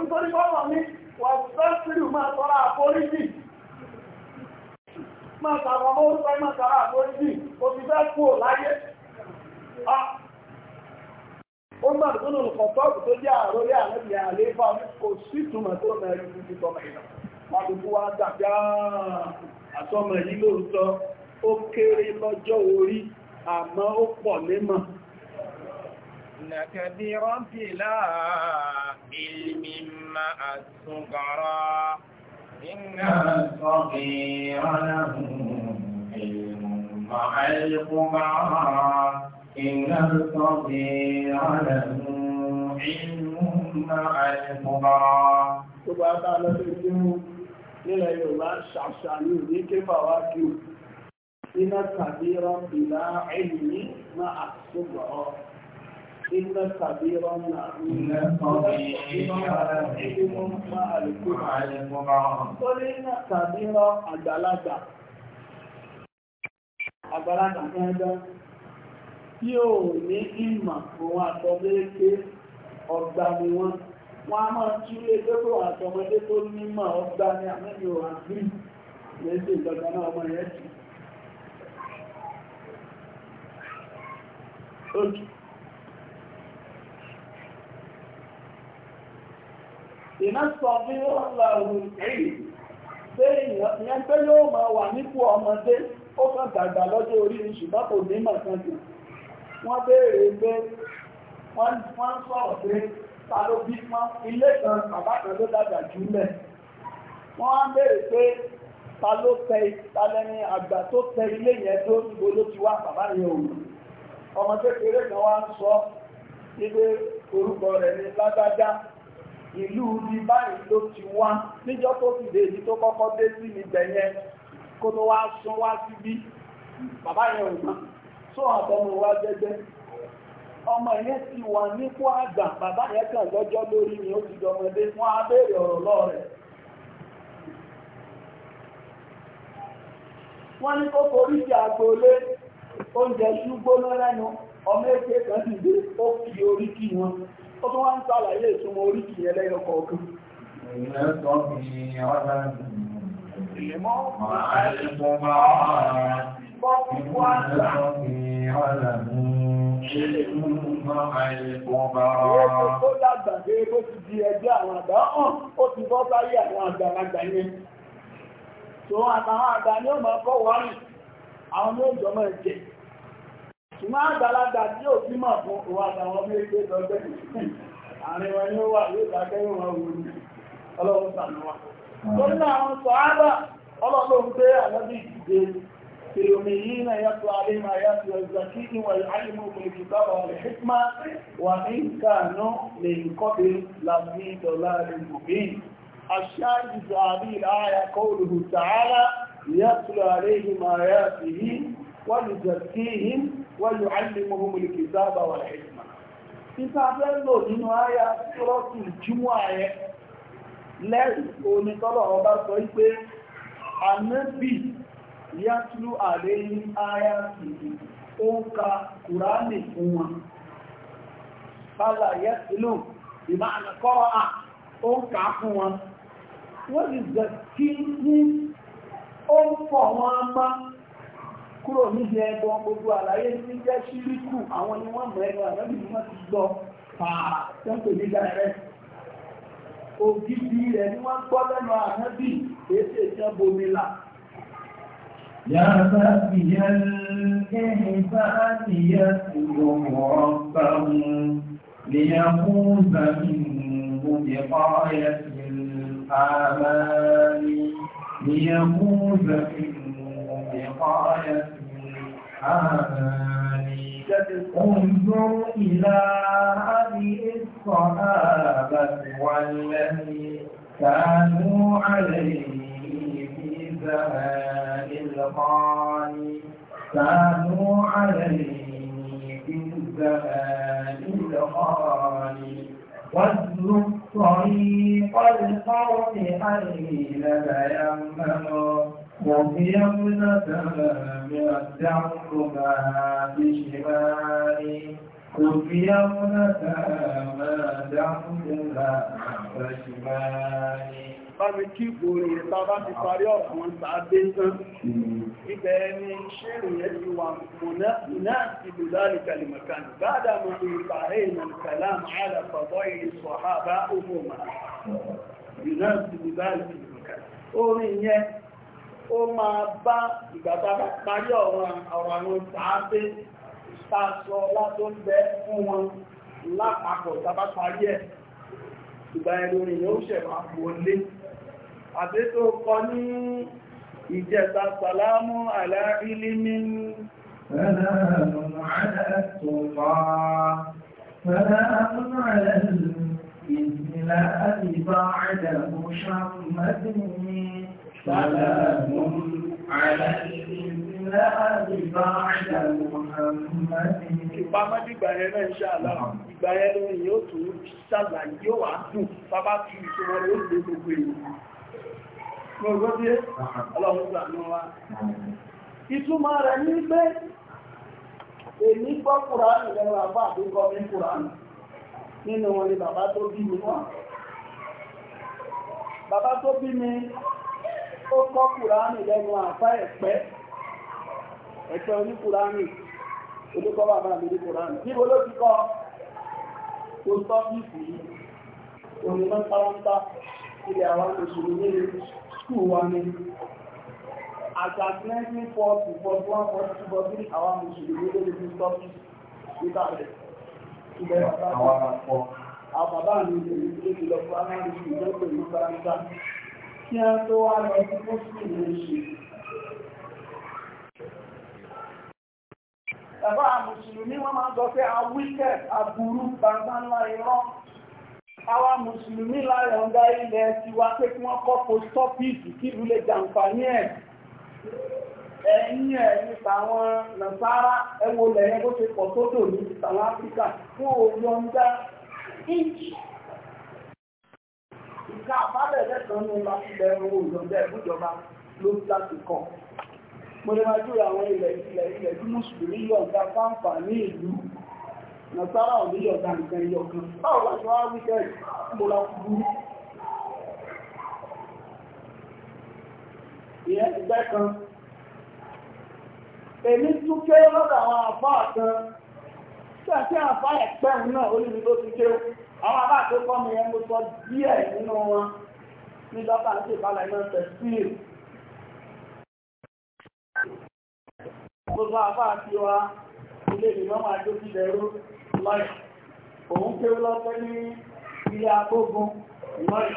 nítorí bọ́lọ̀ ní wàtẹ́sìrì máa tọ́rọ àforíjì máa tàbí ọmọ orúkọ máa tọ́rọ àforíjì o ti fẹ́ kú láyé ah! ó máa tó nù kọ̀tọ́ọ̀kù tó jẹ́ àrólé àlẹ́bì àléfà kò sí túnmọ̀ tó mẹ́rin títí tọ́mọ̀ ìlà pàdùkú wa dàbí ah! àtọ́mọ̀ yìí lóòótọ́ ó kéré lọ́jọ́ orí àmọ́ ó pọ̀ mímọ̀ إنك برب لا علم مع الصغرى إن الصغير له علم مع الكبرى إن الصغير له علم مع الكبرى سبحانه وتعالى ilẹ̀ yorùbá ṣàṣàlú ní kéfàwá kí o iná tàbí rọ́pìlá إن كبيرا Torí náà kàbírọ̀ àgbàlagbà, àgbàlagbà kẹ́ẹ̀dọ́, tí ó ní ìmọ̀ òun àtọ́léké ọgbà ni wọ́n, wọ́n a máa tí lé gbogbo àtọmọdé tó nímọ̀ ọgbà ni àmẹ́bí ò àgbì lẹ́sẹ̀ ìjọba náà ọmọ yẹn jù. ìnáṣọ́bí ọ̀làrùn èyí pé ìyẹn pé yóò máa wà nípò ọmọdé ó kàn dàgbà lọ́jọ́ orí ṣùgbọ́n kò ní màkan jù wọ́n béèrè pé wọ́n ń sọ̀rọ̀ pé ta ló bí pọ́n ilé kan bàbá kan ló dàgbà jù lẹ̀ wọ́n á béèrè pé ta ló tẹ ìtàlẹ́ni àgbà tó tẹ ilé yẹn tó níbo ló ti wá bàbá yẹn òun ọmọ kékeré kan wá ń sọ níbi orúkọ rẹ̀ ní lágbájá ìlú ibi báyìí ló ti wá níjọ́ tó ti dé ibi tó kọ́kọ́ dé sí kó wá sún wá síbí bàbá yẹn ò tó wá jẹ́jẹ́ ọmọ yẹn ti wà nípò àgbà bàbá yẹn kàn lọ́jọ́ lórí ni ó ti ọ̀rọ̀ lọ́ọ̀ rẹ̀ wọ́n ní kó agboolé oúnjẹ lẹ́nu ọmọ ó orí kí wọn ó tún wá ń sàlàyé ìtumọ̀ oríkì ẹlẹ́yọ kọ̀ọ̀kan Ó dàgbà dé bó ti di ẹgbẹ́ àwọn àgbà hàn, ó ti bọ́ sáyé àwọn àgbàlagbà yẹn. Tòun àtàwọn àgbà ni ó máa kọ́ wárìn, àwọn ní ó jọ máa jẹ ṣùgbọ́n àgbàlagbà tí ò bímọ fún òun àtàwọn méje lọ́gbẹ́ àárín wọn ni ó wà yóò dákẹ́ wọn wò ní ọlọ́run sàmì wa. torí náà àwọn sọ ábà ọlọ́run pé àlọ́bí ìdíje اليوميين يتلو عليهم آيات ويزكيهم ويعلمهم الكتاب والحكمة وإن كانوا من قبل لفي ضلال مبين الشاهد في هذه الآية عليهم آياته ويزكيهم ويعلمهم الكتاب والحكمة Ìta fẹ́ lò nínú ayá Sọ́rọ́tù Júmọ́ ayẹ lẹ́rìn onítọ́lọ̀ ọba sọ wípé Ànábì Yátúlú àléyìn ayá tìí ó ń ka Kùránì fún wọn. Bálà Yátúlú ìmáàna kọ́rọ̀ à ó ń kà fún wọn. Wọ́n ti zẹ̀ kí ní ó ń fọ̀ wọn máa kúrò níbi ẹgbọn gbogbo àlàyé tí jẹ́ ṣíríkù àwọn ni wọ́n mọ̀ ẹnu àmọ́bì ni wọ́n ti gbọ́ pàà tẹ́ǹpẹ̀ ní dáẹ̀rẹ́ ògidì rẹ̀ ni wọ́n gbọ́ lẹ́nu àmọ́bì èsì ìjọ bomila Yàrá ìyá ìgbà ìyá ìgbòmọ̀ ọ̀pá mu lè yà fún ìgbàmí ìgbòmọ̀ ọ̀pá yà sí àmàlì lè yà fún ìgbàmí ìgbòmọ̀ ọ̀pá yà sí الحامد انظر إلى أبي الصحابة والذي كانوا عليه في زمان الخالي كانوا عليه في زمان الخالي واسلك طريق القوم حين تيمموا وثيابك من الدعوة بشمالي وثيابك ما دعوة بشمالي Bámi kí ìgbòrò ìta bá ti parí ọ̀pọ̀ ìtàdé tán, ibẹ̀ ni ṣírò yẹ ti wà mọ̀ná iná ìlú láàrin kalimakaní, báadà mọ̀ ìpàrẹ ìmọ̀kàlá àmàlà pàbọ́ ìrìsọ̀ha bá ó mọ̀ máa. Iná ìlú láàrin kalimakaní. Orin yẹn ó máa bá ìgbàta parí ọ̀rọ̀ àwọn tàbí tàṣọ látó ń bẹ fún wọn lápapọ̀ tàbá parí ẹ̀ ìgbà ìròyìn yóò ṣẹ̀wà wọlé àti tó kọ ní ìjẹta sàlámù aláìlí ní Fẹ́lẹ́mù àlẹ́tùmọ́, fẹ́lẹ́mù àlẹ́lù, ìdílá سلام على الإسلام بعد محمد Ìpamọ́ dìgbà yẹn náà ṣe àlọ́rọ̀, ìgbà yẹn ló ń yóò tún ṣàlàyé yóò wá dùn, bàbá tí ìṣòro yóò lè gbogbo èyí. Gbogbo bí ọlọ́run gbà náà wá. Ìtumọ̀ rẹ̀ ní pé èmi gbọ́ Kùránì lẹ́wọ̀ àbá àdúgbò ní Kùránì. Nínú ni ó kọ́ kùránì lẹ́nu àfá ẹ̀pẹ́ ẹ̀pẹ́ oníkùránì olókọ́ bàbá mi ní kùránì níbo ló ti kọ́ tó sọ fífì òní máa ń paráńtà ilẹ̀ àwọn mùsùlùmí ní skul wa ní àgbà 1940 41 42 43 àwọn mùsùlùmí ló ti sọ fífì nígbà rẹ̀ ìbẹ̀ bàbá mi àwọn bàbá mi ní ìlú ìlọ́pọ̀ àwọn ìlú ìjọ́pẹ̀ ní paráńtà kí a tó wá lọ sí mọ́sílì lóṣù. Bàbá Mùsùlùmí wọ́n máa sọ pé a wíkẹ̀ àbúrú bàbá ńlá irọ́. Àwa Mùsùlùmí láyọ̀ ń dá ilẹ̀ tiwa pé kí wọ́n kọ́ postọ́pìsì kí ìlú lè jàǹfààní ẹ̀. Ẹ̀yìn ẹ̀ nípa àwọn Nàṣárá ẹ̀wọ̀lẹ̀ yẹn pọ̀ tó dò ní ìtàwọn Áfíríkà fún òun yọ̀ǹda ìka àbábẹ̀rẹ̀ kan ní ọba ilẹ̀ owó ìjọba ìbújọba ló ń láti kọ́ mo lè máa júwe àwọn ilẹ̀ ilẹ̀ ilẹ̀ tí mùsùlùmí yọ̀ǹda fáǹfà ní ìlú nàìjíríà ò ní yọ̀ǹda nǹkan ìyọ̀kan báwo la ṣe wá wíkẹ́ mo la kú ìyẹn ti bẹ́ kan èmi tún ké lọ́dọ̀ àwọn àfáà kan tí àti àfáà ẹ̀pẹ́ náà ó níbi tó ti ké àwọn àbá tó kọ́ mi yẹn mo sọ díẹ̀ nínú wọn ní dọ́kà ń ṣe ìbálẹ̀ náà tẹ̀ sílẹ̀. gbogbo àbá àti wa ilé ìmọ̀ máa jó sí ìdẹ̀rú lọ́yà òun kéwú lọ́pẹ́ ní ilé agbógun lọ́yà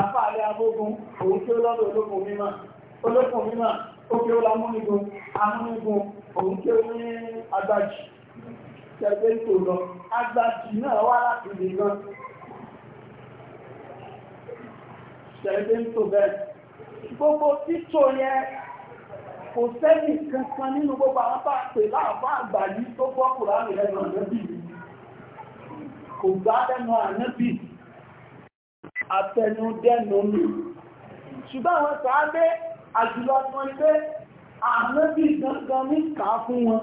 àbá ilé agbógun òun kéwú lọ́dọ̀ olókùn mímọ́ olókùn mímọ́ ó kéwú lámúnigun amúnigun òun kéwú ní agbájì tẹ̀gbẹ́ ìtò lọ agbájì náà wá láti lè lọ tẹ̀gbẹ́ ìtò bẹ́ẹ̀ gbogbo títò yẹn kò sẹ́ni kankan nínú gbogbo àwọn bá pè láàbá àgbà yìí tó gbọ́ kùránì lẹ́nu ànábì kò gbá lẹ́nu ànábì àtẹnudẹ́nu mi ṣùgbọ́n àwọn sàábé àjùlọ tí wọ́n ń gbé ànábì gangan ní kàá fún wọn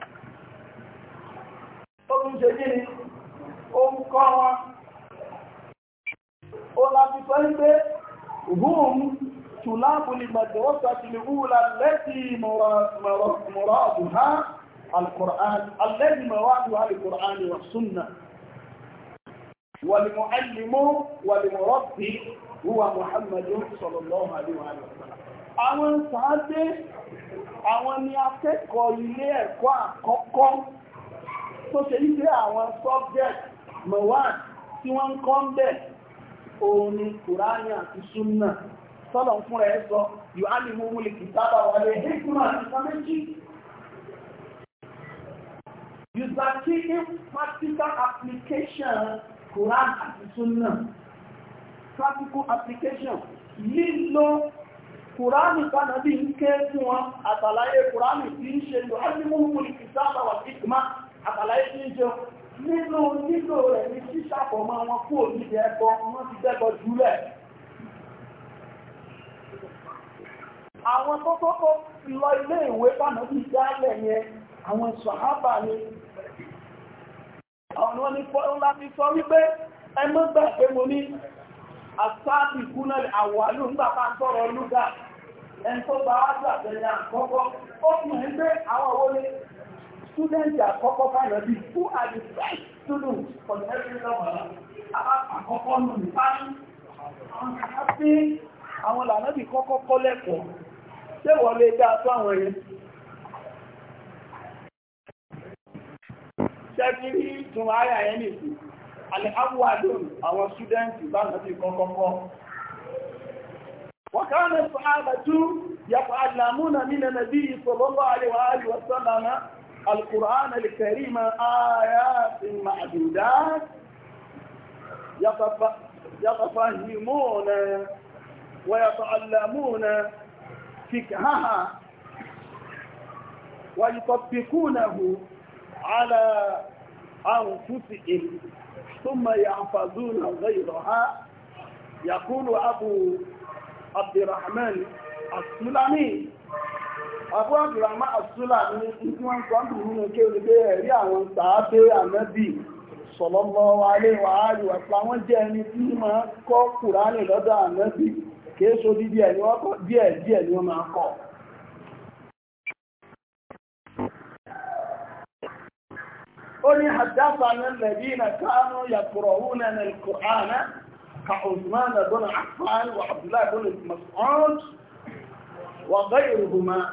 tó tún ṣe kí ni ó ń kọ́ wọn ó láti sọ pé hùm tùláàbù ni màdìrọ́sà ti lè wúra lẹ́tì mọ̀rọ̀dù ha alkùrán alẹ́bí mọ̀rọ̀dù alkùrán wà súnà wàlìmọ̀ẹ́lìmọ́ wàlìmọ̀rọ̀dù wúwa muhammadu sallallahu alaihi wa sallam àwọn sàádé àwọn ni akẹ́kọ̀ọ́ ilé ẹ̀kọ́ àkọ́kọ́ tó ṣe wípé àwọn subject mawad tí wọ́n ń kọ́ ń bẹ̀ òun ni kùránì àti súnà sọ́lọ̀ fún rẹ̀ sọ yóò á lè mú wúlì kìtàbà wọlé hikma àti sàmẹ́jì practical application Quran àti Sunnah. Practical application lílo Kùránì tánàbí ń ké fún wọn àtàlàyé Kùránì tí ń ṣe lò ájúmọ́ òmùlì ìsáàbà wà sí ìgbà àbàláyé tí ń jẹun nínú nílò rẹ̀ ní ṣíṣàpọ̀mọ́ wọn kú òníbi ẹ̀kọ́ wọn ti dẹ́kọ̀ jùlẹ̀. àwọn tó kọ́kọ́ lọ ilé ìwé pàmò bíi dálẹ̀ yẹn àwọn sàhábà ni àwọn wọn ni fọ́nlá fi sọ wípé ẹ mọ́ gbà pé mo ní àsáàbì kúnà àwàlú nígbà bá ń lúgà ẹni tó bá wá gbà tẹ̀lé àkọ́kọ́ ó fi hàn pé àwọn òwò students àkọ́kọ́ fàyọ̀bí who are the best students for every level àkọ́kọ́ nù ní fáyí àti àwọn lànàbì kọ́kọ́ kọ́ lẹ́kọ̀ọ́ ṣé wọ́n lè dá tó àwọn yẹn ṣẹ́kiri tún àyà yẹn nìsí àlẹ́háwà lónìí àwọn students lànàbì kọ́kọ́ kọ́ وكان الصحابة يتعلمون من النبي صلى الله عليه وآله وسلم القرآن الكريم آيات معدودات يتفهمون ويتعلمون فكهها ويطبقونه على أنفسهم ثم يحفظون غيرها يقول أبو عبد الرحمن السلمي Abu Abdulrahman Asula ní ìdí wọn sọ nínú kí olùgbé ẹ̀rí àwọn sàábé ànábì sallallahu alaihi wa alihi wọ́n jẹ́ ẹni tí máa kọ́ Kùránì lọ́dọ̀ ànábì kìí so dídí ẹ̀ ni wọ́n kọ́ díẹ̀ díẹ̀ ni wọ́n máa kọ́. na káánú ka Usman wa Mas'ud وغيرهما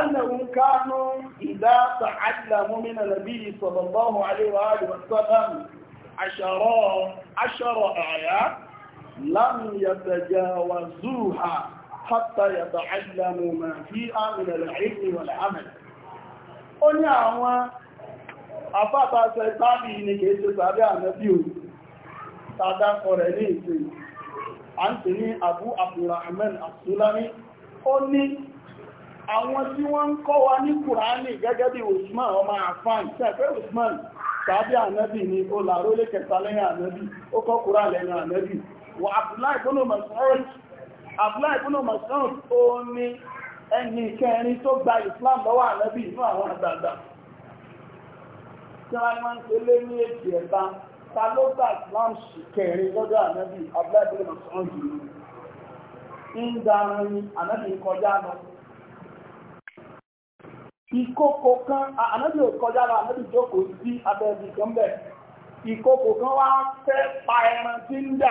أنهم كانوا إذا تعلموا من النبي صلى الله عليه وآله وسلم عشر عشر آيات لم يتجاوزوها حتى يتعلموا ما فيها من العلم والعمل ó ní àwọn afábáṣẹ tábí ní kìí ṣe tàbí ànẹ́bí o أبو rẹ̀ ní ìsìn ó ní àwọn tí wọ́n ń kọ́ wa ní kùránì gẹ́gẹ́ bí Usman ọmọ àfáàn tẹ́ẹ̀fẹ́ Usman tàbí ni ó làró lé kẹta lẹ́yìn ànábì ó kọ́ kùrán lẹ́yìn Abdullahi o ni gba Islam anabi ta kẹrin lọ́dọ̀ ànábì Abdullahi ń darun ni ànábì kọjá lọ kan ànábì kọjá lọ ànábì jókòó sí abẹ́bí kan bẹ̀ ìkókò kan wá fẹ́ pa ẹran tí ń dà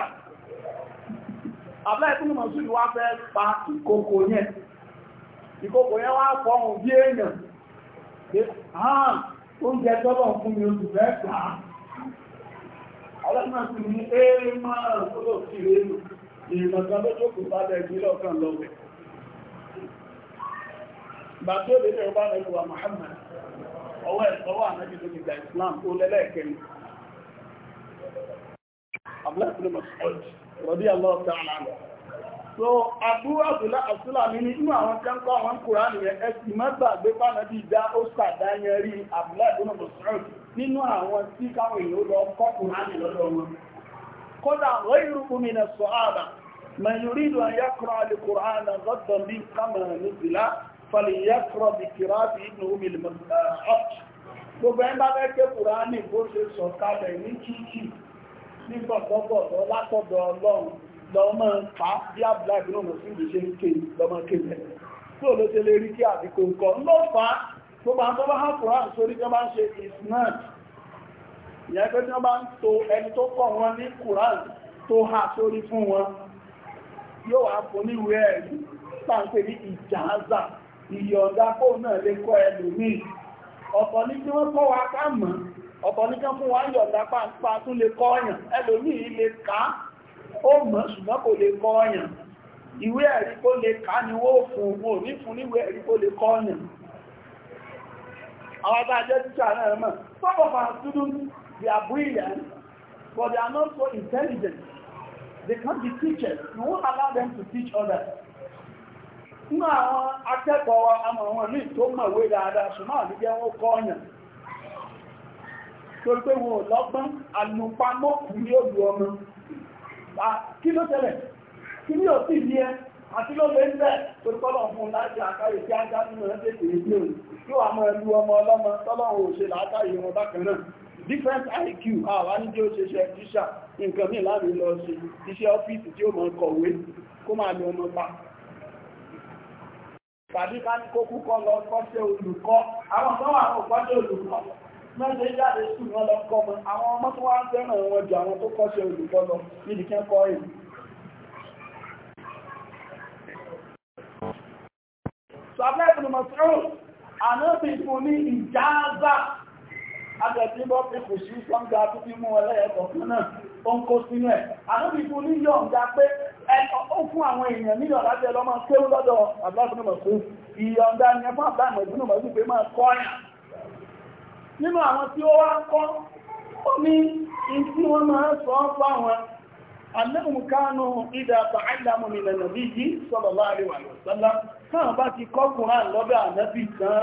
àbẹ́ẹ̀kú ni mọ̀sùn wá fẹ́ pa ìkókò yẹn ìkókò yẹn wá bí èèyàn hàn oúnjẹ tọ́lọ̀ ìrìnàkan ló jókòó bá dẹ̀ ìgbìlọ̀ kan lọ́wẹ́ bá tó lè rẹ̀ bá lẹ́lú wa ọwọ́ ẹ̀sọ́wọ́ ànájú tó Islam ó lẹ́lẹ́ẹ̀kẹ́rin So, Abúrú Àbúlá Àṣúlà ní inú àwọn kẹ́ńkọ́ àwọn Kùránì rẹ̀ ẹ̀sì mẹ́gbàgbé fánàbí ìdá ó sàdáyẹ rí nínú àwọn tí káwọn èèyàn lọ kọ́ wọn. Kódà, من يريد أن يقرأ القرآن غدا من كما نزل فليقرأ بقراءة ابن أم المسعود gbogbo ẹ̀ńdá mẹ́kẹ́ kùránì bó ṣe sọ̀kalẹ̀ ní kíkì ní gbọ̀gbọ̀gbọ̀ látọ̀dọ̀ ọlọ́run lọ́mọ ká bí àbúlá ìbínú ọmọ sí ìdíṣe ń ké lọ́mọ kébẹ̀ tí ò ló ṣe lè rí kí àdíkò nǹkan ló fà gbogbo àwọn bá hàn kùránì sórí tó bá ń ṣe isnad ìyẹn pé tí wọ́n bá ń to ẹni tó kọ̀ wọn ní kùránì tó hà sórí fún wọn yóò wá fún ní ìwé ẹ̀rí ní ìjàázà ìyọ̀ǹda kó náà lè kọ́ ẹlòmíì ọ̀pọ̀ ní kí wọ́n kọ́ wa ká mọ̀ ọ̀pọ̀ ní kán fún wa yọ̀ǹda pàǹpà tún lè kọ́ ọ̀yàn ẹlòmíì lè ká ó mọ̀ ṣùgbọ́n kò lè kọ́ ọ̀yàn ìwé ẹ̀rí kó lè ká ni wó fún wọn ò ní fún níwé ẹ̀rí kó lè kọ́ ọ̀yàn àwọn bá jẹ́ tíṣà náà mọ̀ some of our students they are brilliant but they are not so intelligent They can't be teachers. You won't allow them to teach others. Nínú àwọn akẹ́kọ̀ọ́ wa, àmọ̀ wọn ní tó mọ̀wé dáadáa, ṣùgbọ́n àdíjẹ́ wọn kọ́ ọ̀yàn. Torí pé wọn ò lọ́gbọ́n, àlùpamọ́ kù ní òlù ọmọ. Kí ló tẹ́lẹ̀? Kí ní òsì ní ẹ? Àti ló lè ń bẹ̀ torí tọ́lọ̀ fún láti àkáyè tí ajá nínú ẹ̀ tètè ìgbé òun. Yóò àmọ́ ẹlú ọmọ ọlọ́mọ tọ́lọ̀ òṣèlú àkáyè wọn bákan náà different IQ àwọn ní tí ó ṣe ṣe tíṣà nǹkan ní láti lọ sí iṣẹ́ ọ́fíìsì tí ó mọ̀ kọ̀wé kó máa lọ ọmọ pa tàbí ká ní kókú kọ́ lọ kọ́ṣẹ́ olùkọ́ àwọn tó wà kọ́ṣẹ́ olùkọ́ mẹ́sẹ̀ jáde sùn wọn lọ kọ́ mọ́ àwọn ọmọ tó wá ń fẹ́ràn wọn jù àwọn tó kọ́ṣẹ́ olùkọ́ lọ níbi kẹ́kọ́ èyí sọ abẹ́ẹ̀bùn mọ̀sán àná ti fún ní ìjáàzá Agẹ̀síbọ́ fi kù sí sọ́njà tó fi mú ẹlẹ́ẹ̀kọ̀ fún náà, ó ń kó sínú ẹ̀. Àdúgbìkú ní yọ̀ǹda pé ó fún àwọn èèyàn ní yọ̀ǹda jẹ́ lọ́mọ kéwú lọ́dọ̀ àbúrásùnmọ̀ fún ìyọ̀ǹda ni ẹfún àbúrásùnmọ̀ ìdúnnù mọ̀ wípé máa kọ́ yàn. Nínú àwọn tí ó wá kọ́, ó ní ìtí wọ́n máa sọ fáwọn annahum kanu idha ta'allamu min an-nabiyyi sallallahu alaihi wa sallam kan bá ti kọ́ Qur'an lọ́dọ̀ ànábì kan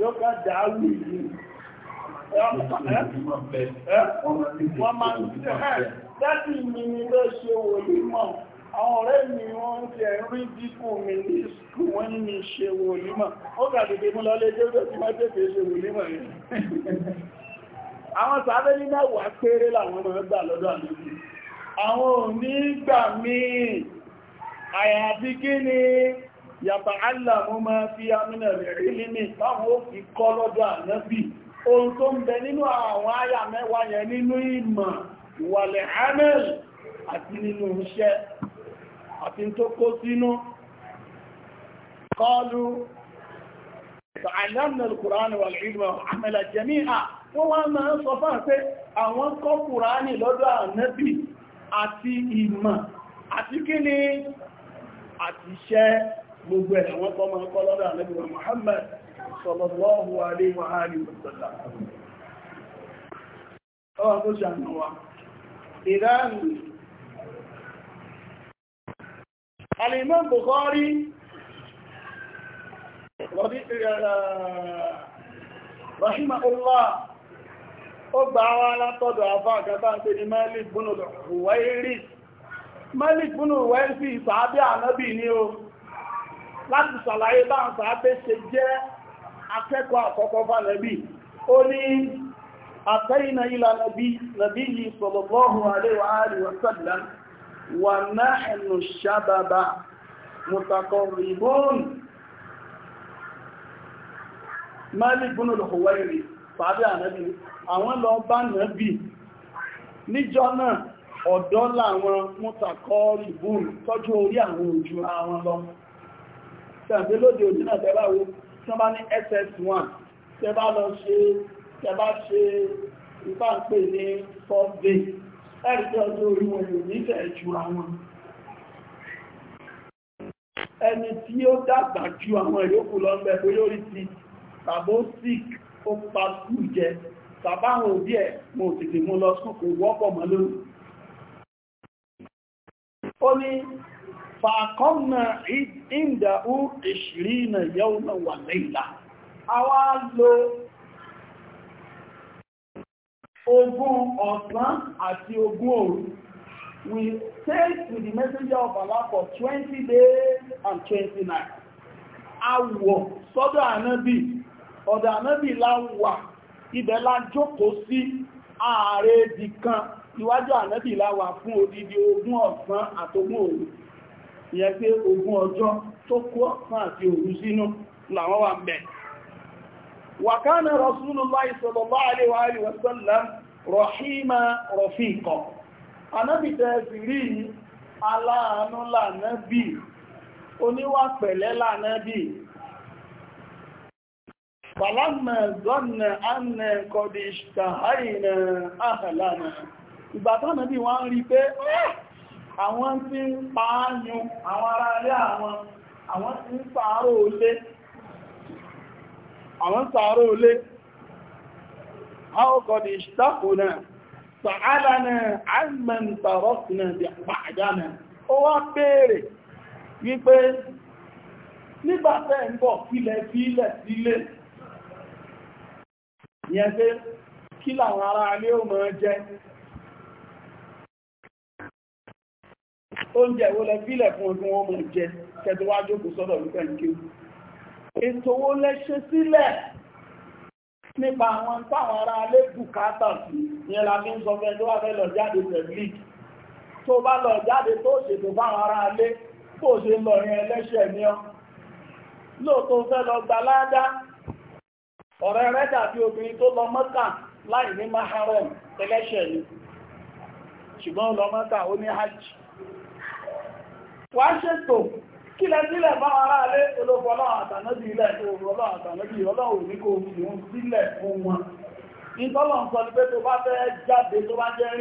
yóò ká dáwù ìlú wọ́n máa ń sí ẹ̀ láti mi ni ló ṣe wòlí mọ̀ àwọn ọ̀rẹ́ mi wọ́n ń tẹ̀ rí díkù mi ní ìsìnkú wọ́n ní mi ṣe wòlí mọ̀ ó kàdìdì mú lọ léjé tó ti máa tẹ́fẹ́ ṣe wòlí mọ̀ rẹ̀ àwọn sàábẹ́ ní mẹ́wàá péré làwọn ọmọ ẹgbà lọ́dọ̀ àlejò àwọn ò ní gbà míì àyàfi kí ni yàtọ̀ aláàmú máa fi amínà rẹ̀ rí ní báwọn ó fi kọ́ lọ́dọ̀ ànábì ohun tó ń bẹ nínú àwọn àyà mẹ́wàá yẹn nínú ìmọ̀ ìwàlẹ̀ amẹ́l àti nínú iṣẹ́ àti tó kó sínú kọlu tààlẹ́mìnà kùránì wà àti ìmọ̀ àti àti iṣẹ́ gbogbo ẹ̀ àwọn kọ́ máa kọ́ lọ́dọ̀ Muhammad sallallahu alaihi wa ọwọ́ tó ṣàmì wa ìdánù alìmọ́ eh, eh, rahimahullah ó gbà wá Malik láti ṣàlàyé báwọn sàábé ṣe jẹ́ akẹ́kọ̀ọ́ àkọ́kọ́ fàlẹ́bí ó ní àtẹ́yìnà ilà nàbí yìí sallallahu alaihi wa sallam wa nahnu shababa mutaqarribun Malik ibn al àwọn lọ bá tọ́jú orí àwọn òjú àwọn lọ́mọ́ tẹ̀gbẹ́ lóde òní náà tẹ́bá wo tí wọ́n bá ní ss1 tẹ́bá lọ ṣe tẹ́bá ṣe ìpá ń pè ní fourth day ẹ̀rí tí ọjọ́ orí wọn yóò ní fẹ́ ju àwọn ẹni tí ó dàgbà ju àwọn ìyókù lọ bẹ̀ pé lórí ti tàbó sick ó pa skul jẹ tàbáwọn òbí ẹ̀ mo tètè mú lọ skul kò wọ́pọ̀ mọ́ lónìí ó ní fàkọ́nà ìdàú ìṣìrìnà yau na wà lẹ́ìlá àwa lò ogún ọ̀sán àti ogún òru we stayed with the messenger of Allah for 20 days and 20 nights awọ̀ sọ́dọ̀ ànábì ọ̀dọ̀ ànábì láwà ibẹ̀ jókòó sí ààrẹ ibì iwájú ànábì láwà fún odidi ogún ọ̀sán àtogún òru ìyẹn pé ogún ọjọ́ tó kó ọ̀sán àti òru sínú làwọn wà bẹ̀. wàkánà Rasulullahi sallallahu alaihi wa sallam rahima rafiqa anábìtẹ̀ sì rí aláàánú lànábì oníwà pẹ̀lẹ́ lànábì Fàlámà zọ́nà ánà rí pé, ẹ́ ah! àwọn tí ń pààyàn àwọn ará ilé àwọn àwọn tí ń sàárò olé àwọn sàárò olé àwọ́kọ̀dì ìṣtàkùnà sàádánà àìmẹ́ntàrọ́sìnà pàdánà ó wá béèrè wípé nígbàtẹ́ ń bọ̀ kílẹ̀ sílẹ̀ sílé ìyẹn pé kí kile ará ilé oúnjẹ ìwó lẹ fílẹ̀ fún ogun wọn mọ̀ jẹ kẹtù wá jókòó sọ́dọ̀ ní pẹ̀lú ètò owó lẹ ṣe sílẹ̀ nípa àwọn táwọn ará alé bùkátà sí ìyẹn la fi ń sọ fẹ́ tó wà fẹ́ lọ jáde tẹ̀lé tó bá lọ jáde tó ṣètò fáwọn ará alé bó ṣe lọ yẹn ẹlẹ́ṣẹ̀ ni ọ́ lóòótọ́ fẹ́ lọ gba ládá ọ̀rẹ́ rẹ̀ dàbí obìnrin tó lọ mọ́kà láì ní maharam ẹlẹ́ṣẹ̀ ni ṣùgbọ́n lọ mọ́kà ó ní hajj wàá ṣètò kílẹ̀ sílẹ̀ bá ara alé olóko ọlọ́run àtànábì ilẹ̀ òòrùn ọlọ́run àtànábì ọlọ́run ní kò fi òun sílẹ̀ fún wọn ìtọ́lọ̀ ń sọ ní pé tó bá fẹ́ jáde tó bá jẹ́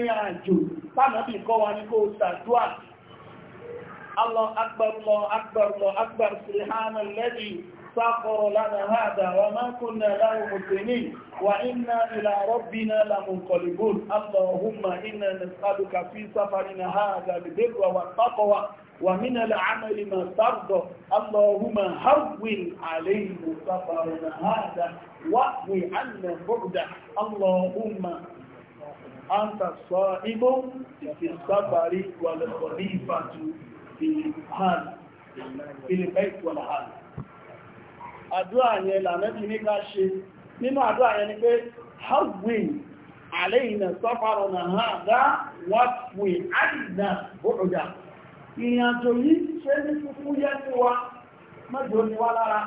Allah akbar lọ akbar lọ akbar sihana lẹ́bi sáfọ̀rọ̀ lánà hádà wà máa kúnnà láwọn mùsùlùmí wà iná ìlà rọ́bìnà làmùkọ̀lìbùn Allahumma iná nìsàdùkà fi sáfàrinà hádà lè dé ومن العمل ما ترضى اللهم هون عليه سفرنا هذا واهو عنا بعده اللهم أنت الصائب في السفر والخليفة في الحال في البيت والحال àdúrà yẹn lànẹ́bí ní ká ṣe nínú àdúrà yẹn ni pé hawwin alayna safarana hadha waqwi 'anna bu'da ìrìnàjò yìí ṣe ní fúfú yẹ fún wa mẹ́jọ ni wá lára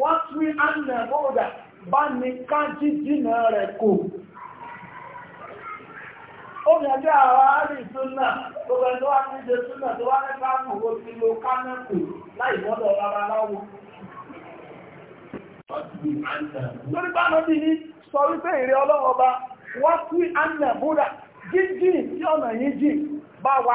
wá tí a nà bọ́ọ̀dà bá ní ká jíjìnà rẹ̀ kò obìnrin àwọn àríṣúnà tó bẹ tó wá ní súnà tó wá nípa àmúwò ti láì mọ́dọ̀ lórí bá mọ́ bí ní sọ wípé ìrẹ́ ọlọ́wọ́ wá tí ọ̀nà yìí bá wa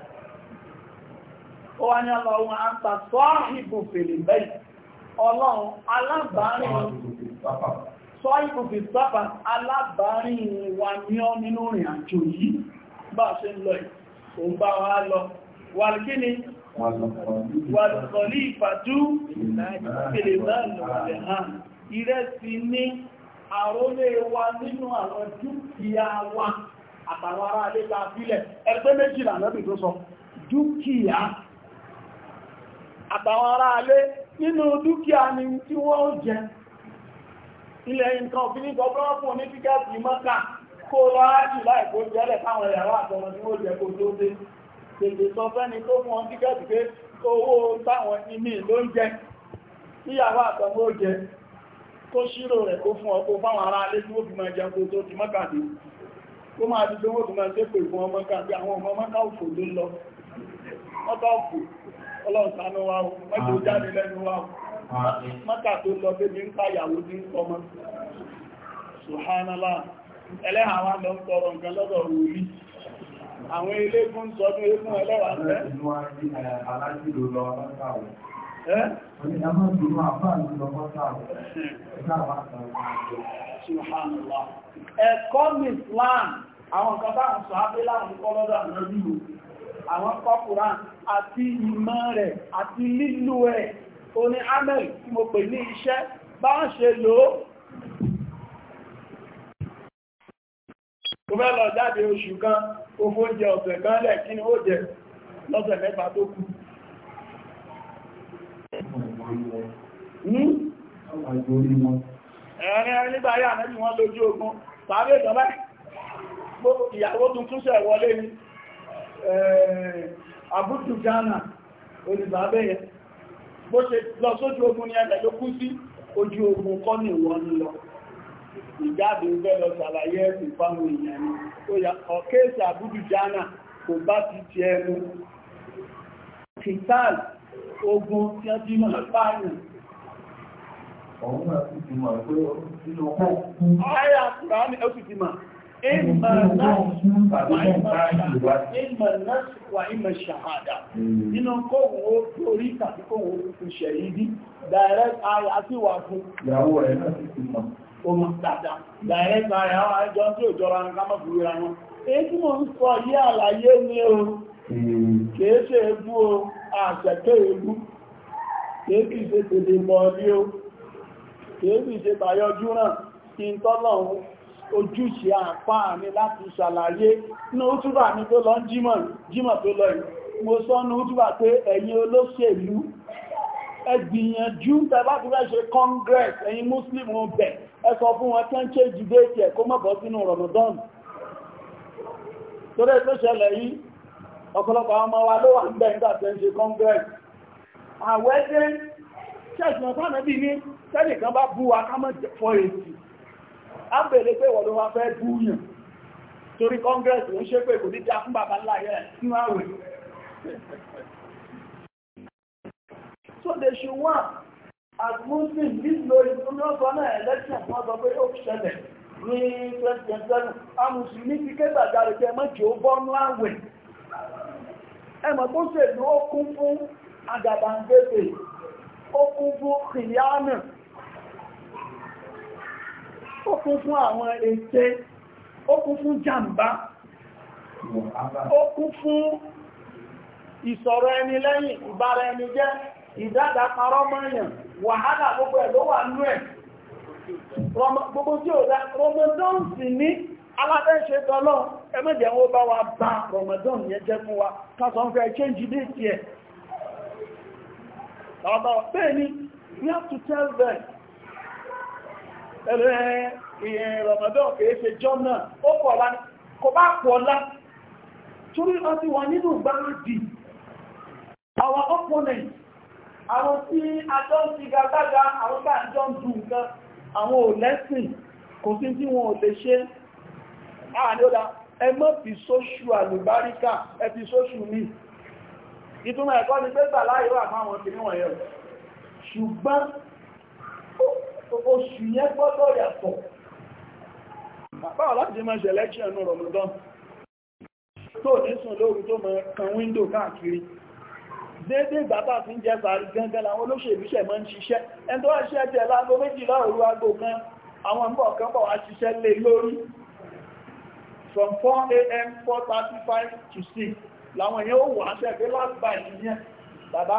ó wá ní ọlọ́run àǹtà sọ́ọ̀hìbù fèrè bẹ́ẹ̀ ọlọ́run alábàárìn sọ́ọ̀hìbù fèrè sábà alábàárìn wa ní ọ nínú rìn àjò yìí bá ṣe ń lọ òun bá wa lọ wà kí ni wà lọ́lí ìfàjú fèrè náà ìrẹsì ní àrólé wa nínú àwọn dúkìá wa àtàwọn ará alé ta fílẹ̀ ẹgbẹ́ méjìlá lọ́bì tó sọ dúkìá àtàwọn ará alé nínú dúkìá ni tí wọ́n jẹ ilẹ̀ nǹkan òfin gọ́ọ̀fún ní tíkẹ́ẹ̀tì mọ́ta kó lọ ájì láìkó jẹ́lẹ̀ táwọn ẹ̀yàwó àtọmọ tí wọ́n jẹ kó tó dé tètè sọ fẹ́ni tó fún wọn tíkẹ́ẹ̀tì pé owó táwọn ìmí ló ń jẹ ìyàwó àtọmọ ó jẹ kó ṣírò rẹ̀ kó fún ọkọ̀ fáwọn ará alé tí wọ́n fi máa jẹ kó tó ti mọ́ta dé kó máa di tó wọ́n fi máa ṣépè fún ọmọ ọlọ́ọ̀sánú wa mọ́jọ jáde lẹ́nu wa mọ́ta tó lọ pé bí ń pàyàwó ní ọmọ ṣùhánàlá ẹlẹ́hà wa lọ tọrọ nǹkan lọ́dọ̀ orí àwọn eléégún sọdún eégún ẹlẹ́wàá Ẹ̀kọ́ àwọn kọkùnrà àti ìmọ̀ rẹ̀ àti lílò ẹ̀ o ní amẹ́l tí mo pè ní iṣẹ́ bá ń ṣe lò ó fẹ́ lọ jáde oṣù kan òfó jẹ ọ̀sẹ̀ kan lẹ̀ kí ni ó jẹ lọ́sẹ̀ mẹ́fà tó kù hmm? ẹ̀rin nígbà yà náà bí wọ́n lójú ogun tàbí ìjọba ìyàwó tuntun ṣẹ̀ wọlé ni àbútù eh, Ghana olùbàbẹ̀ yẹn bó ṣe lọ sójú ogun ní ẹ̀lẹ̀ ló kú sí ojú ogun kọ́ ní ìwọ̀n lọ ìjáde ń fẹ́ lọ ṣàlàyé ẹ̀sìn fáwọn èèyàn ni ó yà ọ̀kẹ́ẹ̀sì àbútù Ghana kò bá ti ti ẹnu kìtàl ogun tí a ti máa pààyàn ọ̀hún àti ti mọ̀ pé ó ti إما النص إما النص وإما الشهادة إنه كوه توري تàbí كوه شهيدي direct ayé àti wà fún ìyàwó ẹ̀ láti fi mọ̀ ojúṣe àpá mi láti ṣàlàyé ní òtúbà mi tó lọ jímọ̀ tó lọ yìí mo sọ ní òtúbà pé ẹ̀yin olóṣèlú ẹ gbìyànjú tẹ́bá ti fẹ́ ṣe congress ẹ̀yin muslim wọn bẹ̀ ẹ sọ fún wọn tán ṣe jù déètì ẹ̀ kó mọ́bọ̀ sínú ramadan torí tó ṣẹlẹ̀ yìí ọ̀pọ̀lọpọ̀ ọmọ wa ló wà ń bẹ̀ nígbà tẹ́ ń ṣe congress àwẹ́dẹ́ ṣẹ̀sùn ọ̀pá mẹ́bí ní tẹ́nìkan bá bú á ń bèèrè pé wọ́n ló wá fẹ́ búyàn torí congress ló ń ṣe pé kò ní já fún bàbá ńlá yẹn àwẹ̀ so they should want as muslims nílò ìfúnnọ́sọ náà election fún ọsọ pé ó ṣẹlẹ̀ ní 2027 a mùsùlùmí ti ké gbàgbàrẹ̀ jẹ mọ́jì ó bọ́ ní àwẹ̀ ẹmọ̀ tó ṣèlú ó kún fún àgàbàǹgbèsè ó kún ó fún àwọn ète ó fún jàǹbá ó fún ìsọ̀rọ̀ ẹni lẹ́yìn ìbára ẹni jẹ́ ìdádá parọ́ wàhálà gbogbo ẹ̀ ló wà nú ẹ̀ gbogbo tí ó dá Ramadan sì ní alábẹ́ṣe tọ́lọ́ bá wa bá jẹ́ fún wa fẹ́ change date yẹ we have to tell them ẹ̀rẹ́ ìyẹn Ramadan kìí ṣe jọ́nà ó pọ̀ lá kò bá pọ̀ lá torí wọ́n ti wọ́n nínú gbáradì àwọn opponent àwọn tí ajọ́ ń ti gàgbàgbà àwọn tá àjọ ń dùn nǹkan àwọn ò lẹ́sìn kò sí tí wọn ò lè ṣe àdódà ẹ má fi sóṣù àlùbáríkà ẹ fi sóṣù mi ìtumọ̀ ẹ̀kọ́ ni pé gbà láyé wà fáwọn kìnnìwọ̀n yẹn ṣùgbọ́n oṣù yẹn gbọ́dọ̀ yàtọ̀ bàbá aláti máa ṣẹlẹ́kṣẹ̀ ẹnu rọ̀mọ̀dán tó ní sùn lóòrùn tó máa kan wíńdò káàkiri dédé ìgbàtà fi ń jẹ sàárì gangan àwọn olóṣèlú ṣẹ̀ máa ń ṣiṣẹ́ ẹni tó wá ṣiṣẹ́ tẹ̀ láago méjìlá òru aago kan àwọn ń bọ̀ kan bọ̀ from 4am 4:35 to 6 làwọn èèyàn ó wà á ṣẹ̀fẹ́ láti bá ìṣiṣẹ́ bàbá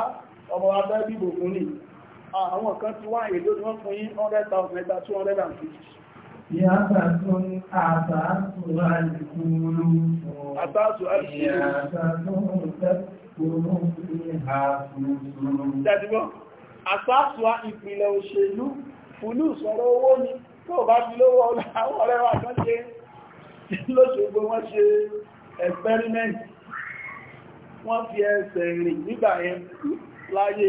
ọmọ Ah, àwọn kan ti wá èlò ni wọ́n fún yí 100,000 mẹ́ta 250 Ìyàtàtún ìpìlẹ̀ òṣèlú fúlù sọ̀rọ̀ owó ni tó bá fi lówó àwọn ọ̀rẹ́ wa lóṣogbo wọ́n ṣe experiment wọ́n fi ẹsẹ̀ rìn nígbà yẹn láyé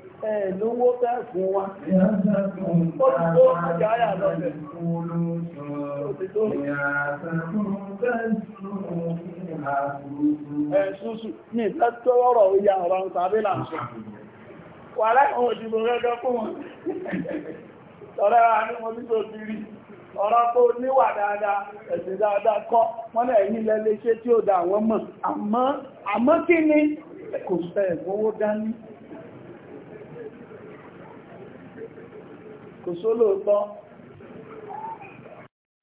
ẹ̀lówó fẹ́ fún wa. Ó ti Wà láìwọ̀n òdìbò rẹ́gẹ́ fún wọn. Tọ́rẹ́ wa mo ní tó ti rí. Ọ̀rọ̀ tó níwà dáadáa, ẹ̀sìn dáadáa kọ́, wọ́n náà ẹ̀yìn lẹ́lẹ́ṣẹ́ tí ó dá àwọn mọ̀. Àmọ́ kí ni kò ìgbówó dání kò sólóòtọ́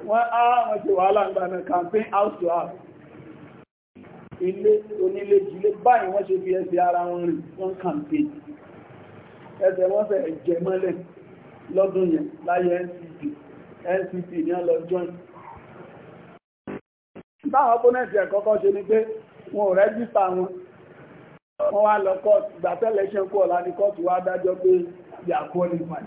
wọ́n á wọ́n ti wàhálà ń gbaná campaign house to house ilé onílé jílé báyìí wọ́n ṣe fi ẹsẹ̀ ara wọn rìn wọ́n campaign ẹsẹ̀ wọ́n fẹ́ jẹ mọ́lẹ̀ lọ́dún yẹn láyé NCP NCP ní ọlọ join táwọn opponent ẹ̀ kọ́kọ́ ṣe ni pé wọn ò rẹ́gísítà wọn wọ́n wá lọ kọ́ọ̀tù gbàtẹ́lẹ̀ṣẹ́ kọ́ọ̀lá ní kọ́ọ̀tù wá dájọ́ pé they are qualified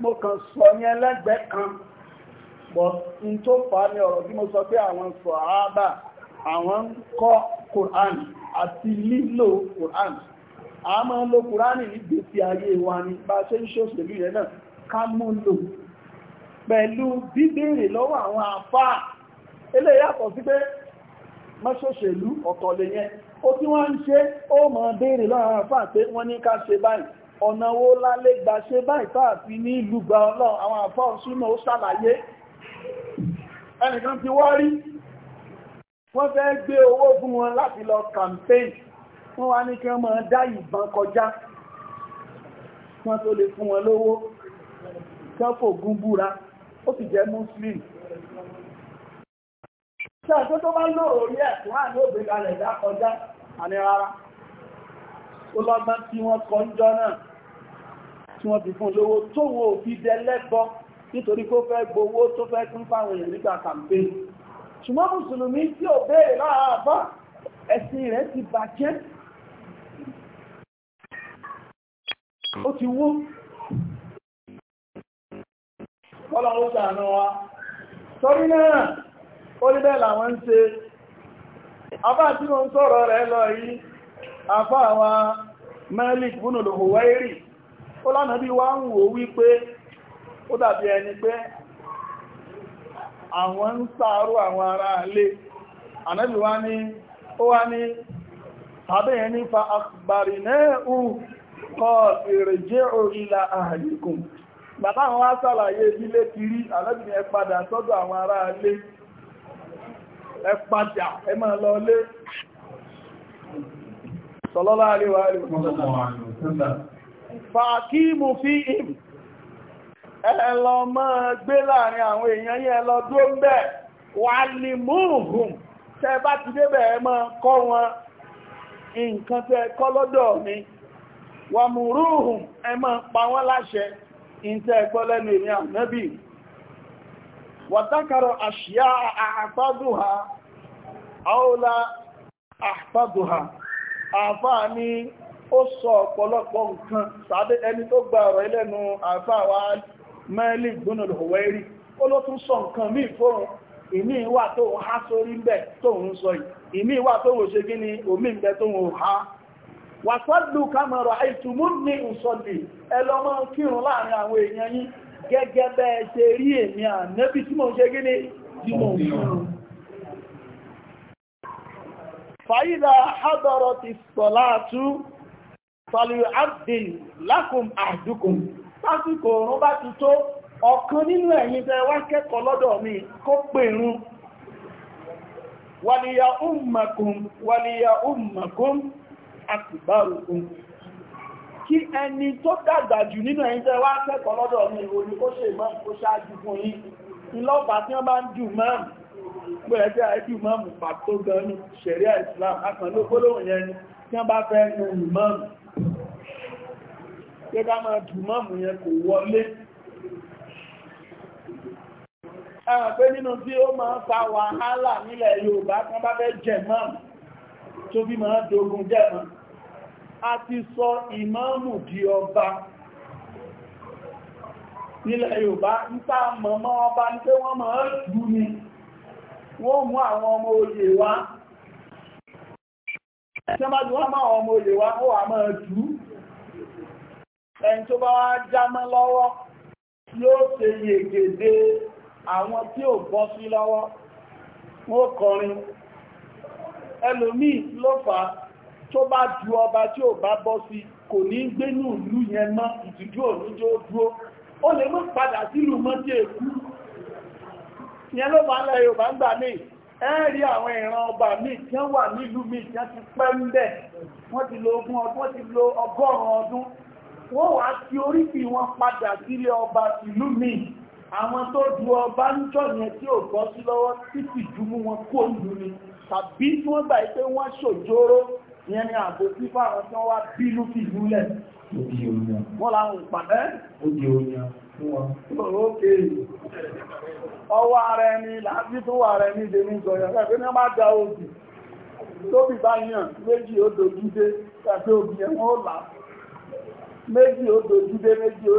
mo kàn sọ yẹn lẹ́gbẹ̀ẹ́ kan bọ̀ n tó fà ní ọ̀rọ̀ bí mo sọ pé àwọn sọ̀hábà àwọn ń kọ́ Quran àti lílò Quran a máa ń lo Quran nígbèsí ayé wa ni bá ṣe ń ṣòṣèlú yẹn náà ká mú lò pẹ̀lú bíbèrè lọ́wọ́ àwọn àfáà eléyìí yàtọ̀ sí pé mọ́ṣòṣèlú ọ̀tọ̀lẹ̀ yẹn ó tí wọ́n ń ṣe ó mọ̀ bèrè lọ́wọ́ àwọn àfáà pé wọ́n ní ká ṣe báyìí ọ̀nà wo lálé gbà ṣe báyìí tààfi ní ìlú gba ọlọ́run àwọn àfọ́ súnmọ́ ó ṣàlàyé ẹnìkan ti wá rí wọ́n fẹ́ gbé owó fún wọn láti lọ campaign wọ́n wá ní kí wọ́n máa dá ìbọn kọjá wọ́n tó lè fún wọn lówó kán fògùn búra ó sì jẹ́ muslim ṣàtọ́ tó bá lóòrò rí ẹ̀kùn náà tí wọ́n fi fún lówó tó wo òfin dẹlẹ́gbọ́ nítorí kó fẹ́ gbowó tó fẹ́ tún fáwọn èèyàn nígbà campaign ṣùgbọ́n mùsùlùmí tí ò béèrè lára àbá ẹ̀sìn rẹ̀ ti bàjẹ́ ó ti wó kọ́lọ̀ ó ṣàánà wa sọ́rí náà ó ní bẹ́ẹ̀ làwọn ń ṣe afá tí wọ́n sọ̀rọ̀ rẹ̀ lọ yìí afá wa Malik búnú lòhùwẹ́rì ó lánàá bí wá ń wò wípé ó dàbí ẹni pé àwọn ń sáàrù àwọn ará alé ànábì wá ní ó wá ní tàbí ẹni fa àgbàrì náà ù orílẹ̀ àhàlìkùn bàbá àwọn asàlàyé ilé ti rí ẹ padà sọ́dọ̀ àwọn ará alé ẹ padà fàákímù fi im ẹlọ gbé láàrin àwọn èèyàn yẹn lọ dúró ń bẹ̀ wà ní múhùn tẹ wọn nǹkan tẹ kọ́ mi wà múrùhùn ẹ máa pa wọ́n láṣẹ ìtẹ́ ẹgbọ́ lẹ́nu ìní ànábì wàtákàrọ̀ àṣíyá àpádùhà àọ́lá ní ó sọ ọ̀pọ̀lọpọ̀ nǹkan sàádé ẹni tó gba ọ̀rọ̀ ilẹ̀nu àfáàwà Malik bin al-Huwairi ó ló tún sọ nǹkan míì fóòrùn ìmí wà tó ń há sórí ń bẹ̀ tó ń sọ ìmí wà tó ń ṣe gíní omi ń bẹ tó ń há wàsọ́dù kamọ̀rọ̀ àìtùmú ní ìsọ̀dì ẹlọ́mọ́ kírun láàrin àwọn èèyàn yín gẹ́gẹ́ bẹ́ẹ̀ ṣe rí èmi ànẹ́bí tí mo ṣe gíní tí mo kírun fàyídà hábọ̀rọ̀ ti sọ̀láàtú Sọlú Abdín lákùn àdúkùn. Sásìkò òun bá ti tó, ọ̀kan nínú ẹ̀yin tẹ́ wá kẹ́kọ̀ọ́ lọ́dọ̀ mi kó pèrún. Wàlìyà ummakum, wàlìyà ummakum, àtìbárùkùn. Kí ẹni tó dàgbà jù nínú ẹ̀yin tẹ́ wá kẹ́kọ̀ọ́ lọ́dọ̀ mi, òní kó ṣe ìmọ̀ kó ṣáájú fún yín. Ìlọ́pàá tí wọ́n bá ń jù mọ́m, pé ẹjẹ́ ẹjú mọ́m pàtó gan ní ṣẹ̀ríà Ìsìlám, akànlógbólóhùn yẹn ni, tí wọ́n bá pé ká máa dù mọ́mù yẹn kò wọlé ẹ̀rọ pé nínú tí ó máa fa wàhálà nílẹ̀ Yorùbá kan bá fẹ́ jẹ mọ́mù tó bí máa dogun jẹ mọ́ a ti sọ ìmọ́mù di ọba nílẹ̀ Yorùbá ń tá mọ̀mọ́ ọba ní pé wọ́n máa dù ni wọ́n mú àwọn ọmọ oyè wá Ṣé máa jù wọ́n máa ọmọ oyè wá, ó wà máa jù ẹni tó bá wá jámọ́ lọ́wọ́ yóò ṣe yègèdè àwọn tí ò bọ́ sí lọ́wọ́ wọ́n kọrin ẹlòmíì ló fà á tó bá ju ọba tí ò bá bọ́ sí kò ní gbénú ìlú yẹn mọ́ ìtìjú òníjó dúró ó lè mọ́ padà sílùú mọ́ tí èkú yẹn ló bá lẹ Yorùbá ń gbà míì ẹ́rí àwọn ìran ọba míì tí wọ́n wà nílùú míì tí wọ́n ti pẹ́ ń bẹ̀ wọ́n ti lo ogún ọdún wọ́n ti lo ọgọ́rùn-ún ọdún wọ́n wá tí oríkì wọn padà sílé ọba ìlú mi àwọn tó du ọba ń jọ yẹn tí ò bọ́ sí lọ́wọ́ títí ju mú wọn kó ìlú ni tàbí tí wọ́n gbà pé wọ́n ṣòjóró ìyẹn ni àbò tí fáwọn tí wọ́n wá bínú fi ìlúlẹ̀ tóbi bá yàn méjì ó dojú tàbí òbí ẹ̀wọ̀n ó làá méjì ó dojúdé méjì ó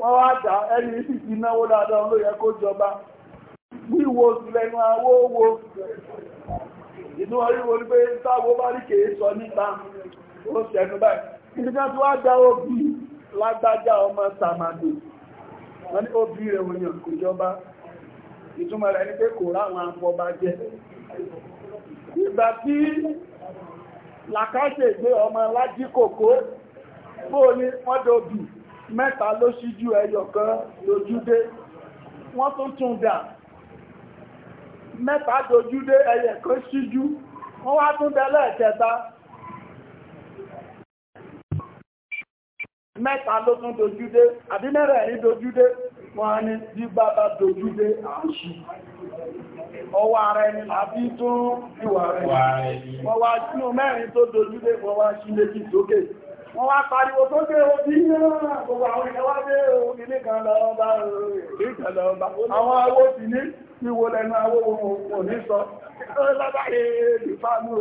wọn wá dá ẹni sì ti náwó dáadáa ló yẹ kó jọba wíwo lẹ́nu awó wo inú oríwo ní pé táwọn bá rí kèé sọ níta ó ṣẹ̀nu báyìí nígbà tó wá dá òbí lágbájá ọmọ sàmàdò wọ́n òbí jọba ìtumọ̀ pé kò ráwọn ìgbà tí làkàṣe gbé ọmọ lájí kòkó bóò ní wọ́n dòbì mẹ́ta ló ṣíjú ẹyọ kan lójúdé wọ́n tún tún dà mẹ́ta dojúdé ẹyẹ kan ṣíjú wọ́n wá tún dẹ́lẹ̀ ẹ̀kẹta mẹ́ta ló tún dojúdé àbí mẹ́rẹ̀ ẹ̀rí dojúdé wọ́n ní bí bàbá dojúdé àṣì ọwọ́ ara ẹni àbí tún ìwà rẹ̀ wọ́n wá sínú mẹ́rin tó dojúdé wọ́n wá sí méjì sókè wọ́n wá pariwo tó dé ojú náà gbogbo àwọn ìyẹ́wà dé omi nìkan lọ́ọ́bá nìkan lọ́ọ́bá àwọn awó ti ní wíwo lẹ́nu awó ohun òní sọ lọ́bá èèdì fáàmù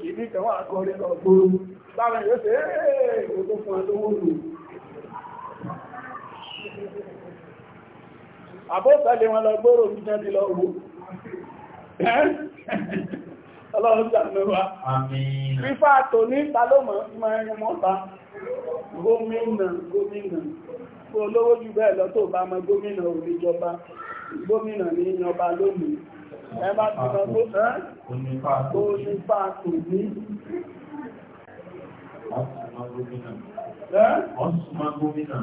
kìíní kan wà kọrin lọ gbóòrò láwọn yóò ṣe èèè tó fún ọdún lò àbótẹ́lẹ̀ wọn lọ gbóòrò mi jẹ́ Ọlọ́run jàmọ́ wa. Fífà tò ní ìtàlọ́mọ̀ máa ẹyẹn mọ́ta. Gómìnà, gómìnà. Fún olówó jù bẹ́ẹ̀ lọ tó bá mọ gómìnà òrìjọba. Gómìnà ní ìyọba lónìí. Ẹ bá ti lọ tó ẹ́ tó nípa tò ní. Ọ̀sùnmá gómìnà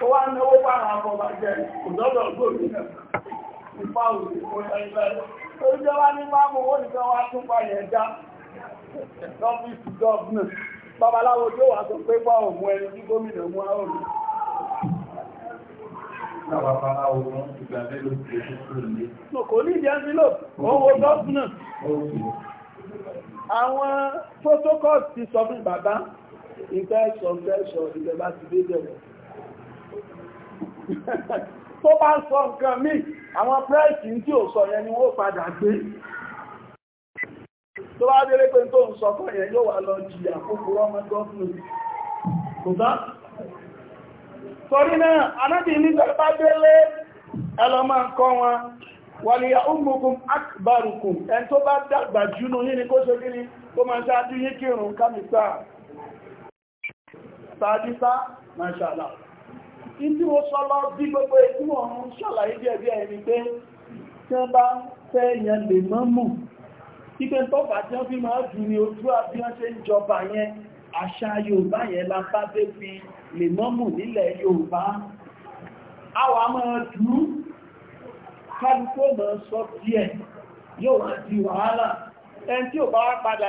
ó wá náwó fáwọn afọba jẹ́ òdọ́dọ̀ gbòòrò náà ìfá òdì ìfọ́ta ìbẹ̀rẹ̀ tó jẹ́ wá ní máàmù ó nìkan wá tún pààyẹ̀ ẹja lọ́fíìsì gọ́ọ̀nà babaláwo tó wà sọ pé bá òun ẹni tí gómìnà mú àrùn Kò ní ìdí ẹ́sílò, ó wo gọ́ọ̀nà. Àwọn protocol ti sọ fún bàbá, ìfẹ́ sọ fẹ́ sọ ìjọba ti dé bẹ̀rẹ̀ tó bá ń sọ nǹkan míì àwọn pírẹ́sì tí ò sọ yẹn ni wọ́n padà gbé tó bá délé pé tó ń sọ fún yẹn yóò wà lọ jìyà kúkúrú ọmọ gọ́ọ̀fún kò bá torí náà anábì ní bá délé ẹlọ́mà ń kọ́ wọn wàlìyà umukum akbarukum ẹn tó bá dàgbà jùnú yìí ni kó ṣe kí ni tó máa ṣáájú yìí kírun kámìsà sáájú sá máa ṣàlàyé ìdí wo sọ́lọ́ bí gbogbo ìdí wọn ń ṣàlàyé bí ẹbí ẹni pé tí wọ́n bá fẹ́ yẹn lè mọ́ mù ìpẹ́ tó bá tí wọ́n fi máa dùn ní ojú àbí ń jọba yẹn àṣà Yorùbá yẹn la bá dé fi lè mọ́ mù nílẹ̀ Yorùbá àwa máa dùn kálukó máa sọ díẹ̀ yóò wá di wàhálà ẹni tí ò bá padà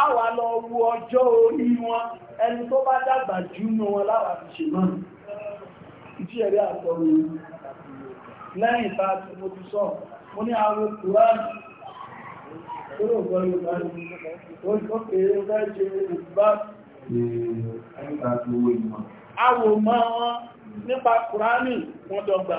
a wà lọ wo ọjọ́ orí wọn ẹni tó bá dàgbà jù nù wọn láwà fi ṣe náà ìtí ẹ̀rí àtọ̀rọ̀ lẹ́yìn ìta tí mo ti sọ mo ní àwọn kùránì tó lò gbọ́ yorùbá ní ó kéré fẹ́ ṣe yorùbá àwòmọ́ wọn nípa kùránì wọn dọ́gba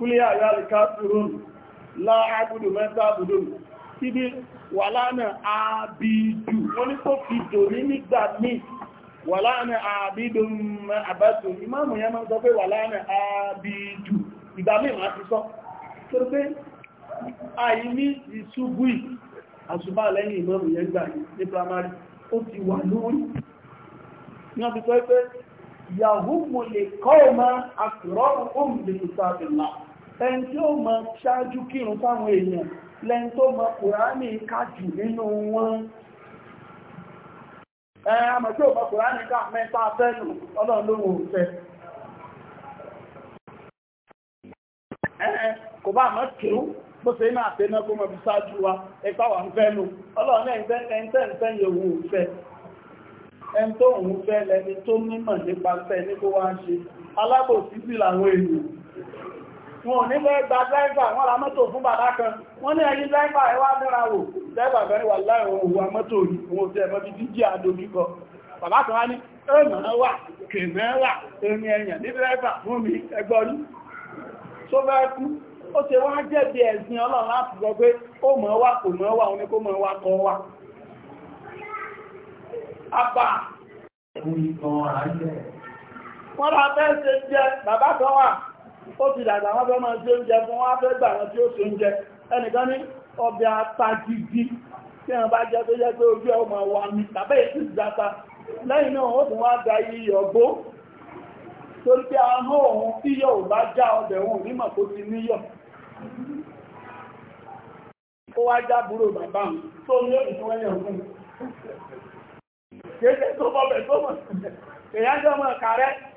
kúlé àyàlìká tùrún láàbùdù mẹ́ta àbùdù síbí wà lánà àbìdù wọ́n ní tó fi dòrí nígbà mí wà lánà àbìdù àbátò ìmáàmù yẹn máa ń sọ pé wà lánà àbìdù ìgbà mí máa ti sọ tó pé àìní ìṣubú àṣùbá lẹ́yìn ìmáàmù yẹn lè kọ́ ọmọ àkùrọ̀ òun lè sábẹ̀ náà ẹni tí ó mọ ṣáájú kírun fáwọn èèyàn lẹ́ni tó mọ kùránì kájù nínú wọn ẹ àmọ̀ tí ó mọ kùránì ká mẹ́ta fẹ́nu ọlọ́run ló wò kò bá mọ́ kírun bó ṣe máa tẹ́ náà kó bí ṣáájú wa wà fẹ́nu fẹ́ wọn ò nílẹ̀ gba dráìbà wọ́n la mọ́tò fún bàbá kan wọ́n ní ẹ̀yìn dráìbà ẹwà dára wò dráìbà bẹ̀rẹ̀ wà láìwọ̀n wà mọ́tò ìwọ̀n tẹ́ ẹ̀mọ́ bí díjí àdójúkọ bàbá kan wá ní ẹ̀mọ̀ ẹ̀yàn fún mi ẹgbọ́rí ó ti dàgbà wọ́n fẹ́ máa ṣe oúnjẹ fún wọ́n fẹ́ gbà wọn tí ó ṣe oúnjẹ ẹnìkan ní ọbẹ̀ ata gidi tí wọ́n bá jẹ́ tó jẹ́ pé ojú ọmọ wa ní tàbí èsì ìdáta lẹ́yìn náà ó tún wá da iye ọgbó torí pé ahọ́n òun iyọ̀ ò bá já ọbẹ̀ òun nímọ̀ kó ti níyọ̀ ó wá já búrò bàbá mi tó ní ìtúwẹ́yàn fún mi kéde tó bọ́bẹ̀ tó mọ̀ èyájọ́ mọ̀ kàrẹ́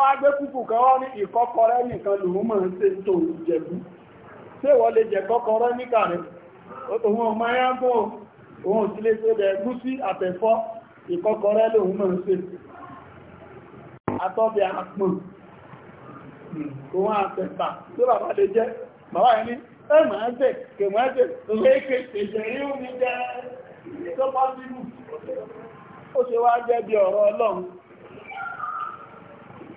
wọ́n wá gbé kúkù kan wọ́n ní ìkọ́kọrẹ́ nìkan lòun mọ̀ ṣe tó jẹ̀bú ṣé wọ́n lè jẹ kọ́kọrẹ́ níkà rẹ̀ òun ọmọ ayágbó òun sí lè ṣe dẹ̀gbú sí àtẹ̀fọ́ ìkọ́kọrẹ́ lòun mọ̀ ṣe atọ́bẹ̀ àpọ̀n òun àtẹ̀fà tó bàbá lè jẹ́ bàbá yẹn ní ẹ̀mọ̀ ẹ̀ṣẹ̀ kèmọ̀ ẹ̀ṣẹ̀ léèkè ṣèṣẹ̀ yóò ní jẹ́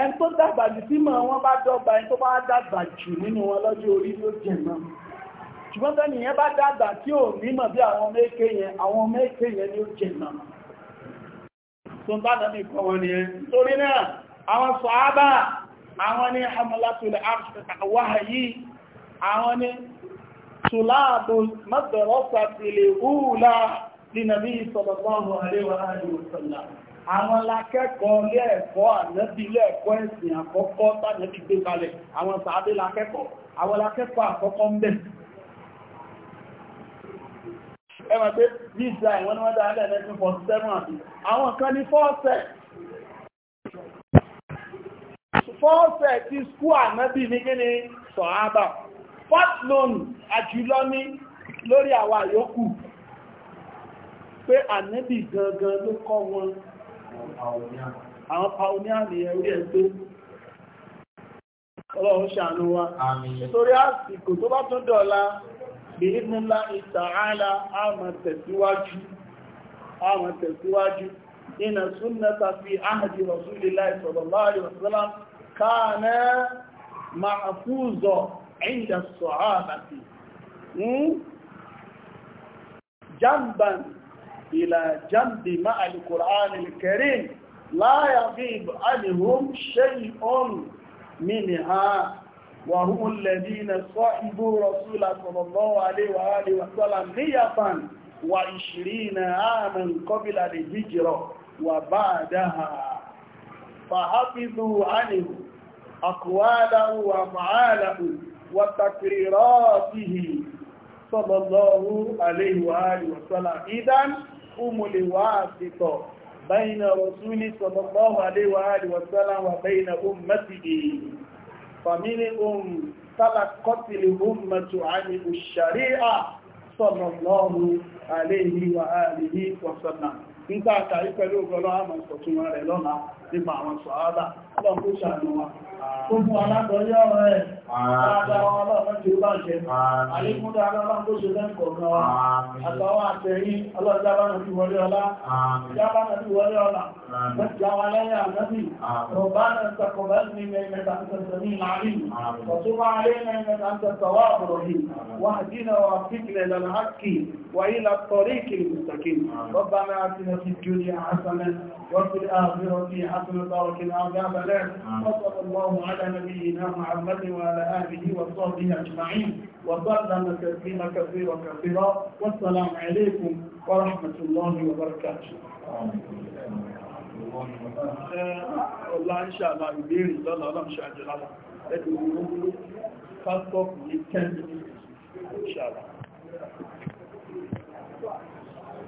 ẹni tó dàgbà jù tí mọ̀ wọn bá dọ́gba ẹni tó bá dàgbà jù nínú wọn lọ́jọ́ orí ló jẹ náà ṣùgbọ́n tẹ́ni yẹn bá dàgbà tí ò nímọ̀ bí àwọn méèké yẹn àwọn méèké yẹn ni ó jẹ náà tó ń bá dàbí kọ́ wọn ni yẹn torí náà àwọn sọ̀ábà àwọn ní hamalatul wáhayí àwọn ní tùláàbù mọ́tọ̀rọ́sà húùlà lìnàbí sallallahu àwọn lakẹ́kọ̀ọ́ ilé ẹ̀kọ́ ànẹ́bí ilé ẹ̀kọ́ ẹ̀sìn àkọ́kọ́ tàbí gbé kalẹ̀ àwọn sàádé lakẹ́kọ̀ọ́ àwọn lakẹ́kọ̀ọ́ àkọ́kọ́ ń bẹ̀ ẹwà pé ní ìsìlá ìwọ́n ni wọ́n dáadẹ́ 1947 àti àwọn kan ní fọ́ọ̀sẹ̀ fọ́ọ̀sẹ̀ ti skú ànẹ́bí ní gíní sọ̀hábà fọ́tlọ́n àjùlọ ní lórí àwọn àyókù pé ànẹ́bí gangan ló kọ́ wọn àwọn pàóníà ní ẹ̀rí ẹ̀ tó ọlọ́run ṣàánú wa nítorí àsìkò tó bá tún dọ̀la bí nílá ìtààlà àmà tẹ̀síwájú àmà tẹ̀síwájú iná súnnata fi áhàdì rasulillahi sallallahu alaihi wasallam kana mahfuzọ إلى جنب مع القرآن الكريم لا يغيب عنهم شيء منها وهم الذين صحبوا رسول صلى الله عليه وآله وسلم مئة وعشرين عاما قبل الهجرة وبعدها فحفظوا عنه أقواله وأفعاله وتكريراته صلى الله عليه وآله وسلم إذن umuli wàásìtọ̀ báyìnà rasúlì sallallahu alaihi wa alihi wa sallam wa báyìnà ummatihi fàmílì um tálàkọ́tìlì ummatu àmì òṣàríà sallallahu alaihi wa alihi wa sallam nígbà àkàrí pẹ̀lú ọgọ́lọ́ àmà ìsọ̀túnwà rẹ̀ lọ́nà nípa àwọn sọ̀hádà ọlọ́run tó ṣàánú wa tó fún alágbọ́yé ọ̀rọ̀ ẹ̀ dáadáa wọn ọlọ́run tí ó bá jẹ́ àlékún dáadáa ọlọ́run tó ṣe lẹ́nkọ̀ọ́ kan wa àtàwọn àtẹ̀yìn ọlọ́run jábánà bí wọlé ọlá jábánà bí wọlé ọlá jáwa lẹ́yìn àgbẹ́bí ربنا تقبل منا انك انت السميع العليم وتب علينا انك انت التواب الرحيم واهدنا ووفقنا الى الحق والى الطريق المستقيم ربنا اتنا في الدنيا حسنه وفي الآخرة حسن وقنا عذاب نار وصلى الله على نبينا محمد وعلى آله وصحبه أجمعين وسلم تسليما كثيرا كثيرا والسلام عليكم ورحمة الله وبركاته. والله إن Ọlá ń ṣàlá ìbéèrè lọ́nà ọlọ́run ṣàjẹ́ lára. Ẹgbẹ̀rún لكن kásọ̀pù ní إن شاء الله.